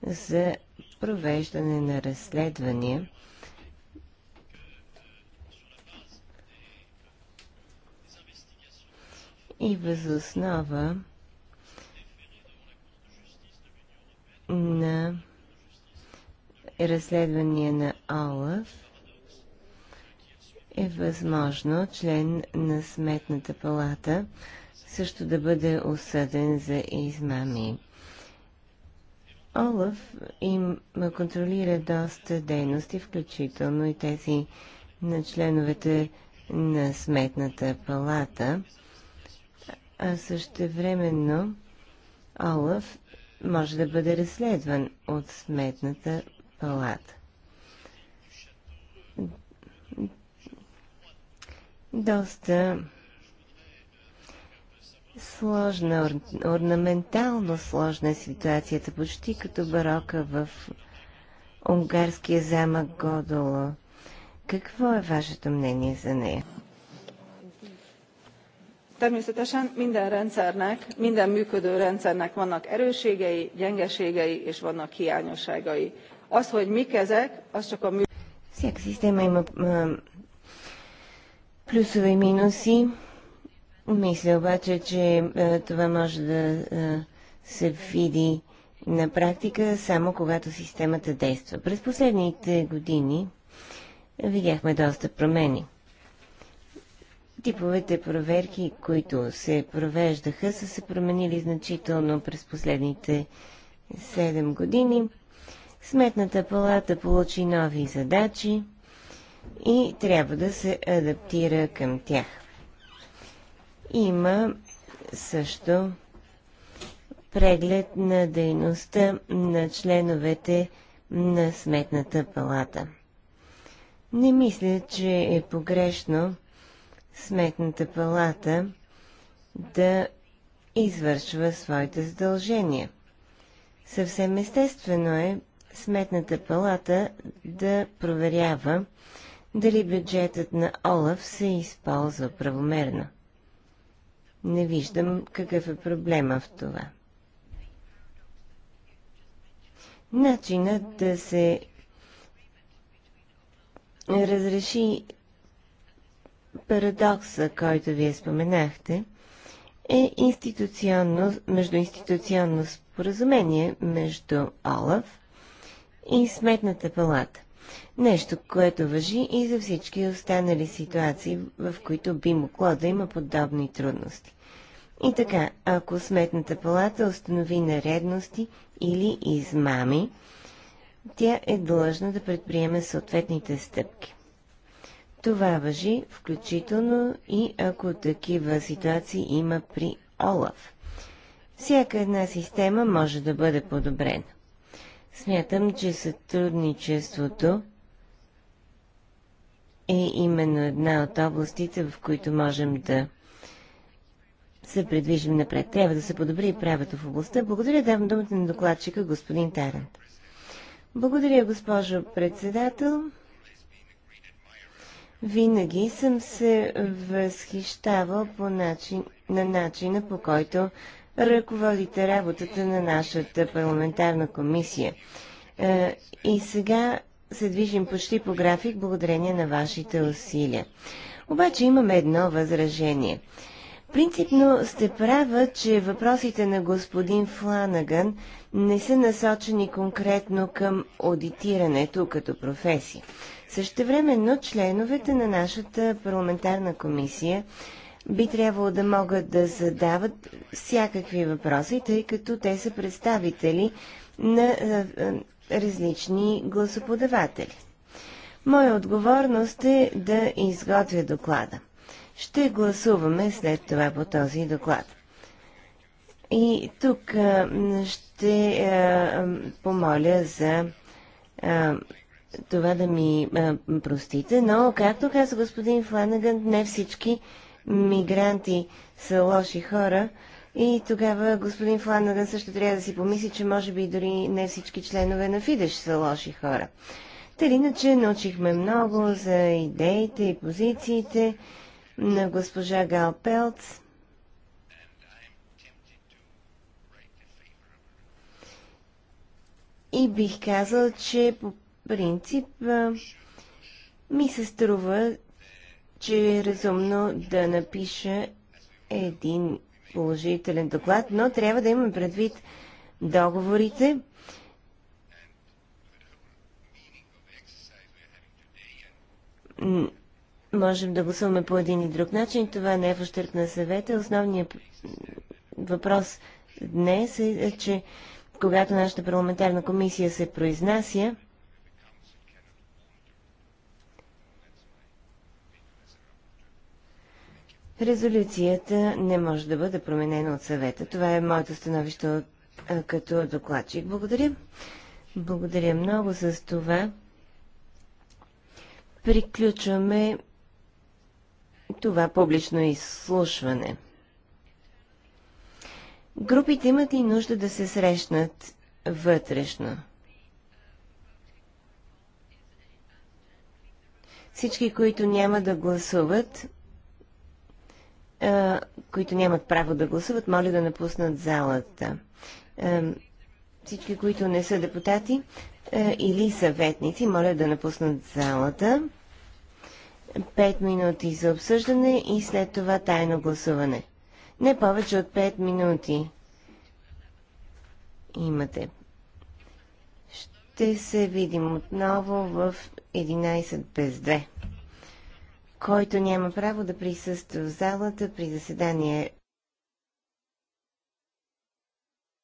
за провеждане на разследвания и възоснова на разследвания на ОЛАФ е възможно член на Сметната палата също да бъде осъден за измами. Олаф им контролира доста дейности, включително и тези на членовете на Сметната палата – а същевременно Олаф може да бъде разследван от сметната палата. Доста сложна, ор, орнаментално сложна е ситуацията, почти като барока в унгарския замък Годоло. Какво е вашето мнение за нея? természetesen minden rendszernek minden működő rendszernek vannak erősségei gyengeségei és vannak hiányosságai. az hogy mik ezek az csak a Всяка на практика само когато системата действа. През последните години видяхме доста промени – Типовете проверки, които се провеждаха, са се променили значително през последните 7 години. Сметната палата получи нови задачи и трябва да се адаптира към тях. Има също преглед на дейността на членовете на Сметната палата. Не мисля, че е погрешно Сметната палата да извършва своите задължения. Съвсем естествено е Сметната палата да проверява дали бюджетът на Олаф се използва правомерно. Не виждам какъв е проблема в това. Начинът да се разреши парадокса, който вие споменахте, е институционно, междуинституционно споразумение между ОЛАФ и Сметната палата. Нещо, което въжи и за всички останали ситуации, в които би могло да има подобни трудности. И така, ако Сметната палата установи наредности или измами, тя е длъжна да предприеме съответните стъпки. Това въжи включително и ако такива ситуации има при ОЛАФ. Всяка една система може да бъде подобрена. Смятам, че сътрудничеството е именно една от областите, в които можем да се предвижим напред. Трябва да се подобри и правото в областта. Благодаря, давам думата на докладчика господин Тарант. Благодаря, госпожо председател винаги съм се възхищавал по начин, на начина по който ръководите работата на нашата парламентарна комисия. Е, и сега се движим почти по график благодарение на вашите усилия. Обаче имаме едно възражение. Принципно сте права, че въпросите на господин Фланаган не са насочени конкретно към аудитирането като професия. Същевременно членовете на нашата парламентарна комисия би трябвало да могат да задават всякакви въпроси, тъй като те са представители на различни гласоподаватели. Моя отговорност е да изготвя доклада. Ще гласуваме след това по този доклад. И тук ще помоля за това да ми а, простите, но, както каза господин Фланаган, не всички мигранти са лоши хора. И тогава господин Фланаган също трябва да си помисли, че може би дори не всички членове на Фидеш са лоши хора. Та иначе научихме много за идеите и позициите на госпожа Гал Пелц. И бих казал, че по принцип ми се струва, че е разумно да напиша един положителен доклад, но трябва да имаме предвид договорите, можем да гласуваме по един и друг начин. Това не е в ущърп на съвета. Основният въпрос днес е, че когато нашата парламентарна комисия се произнася, резолюцията не може да бъде променена от съвета. Това е моето становище от, като докладчик. Благодаря. Благодаря много за това. Приключваме това публично изслушване. Групите имат и нужда да се срещнат вътрешно. Всички, които няма да гласуват, които нямат право да гласуват, моля да напуснат залата. Всички, които не са депутати или съветници, моля да напуснат залата. Пет минути за обсъждане и след това тайно гласуване. Не повече от 5 минути имате. Ще се видим отново в 11 без 2 който няма право да присъства в залата при заседание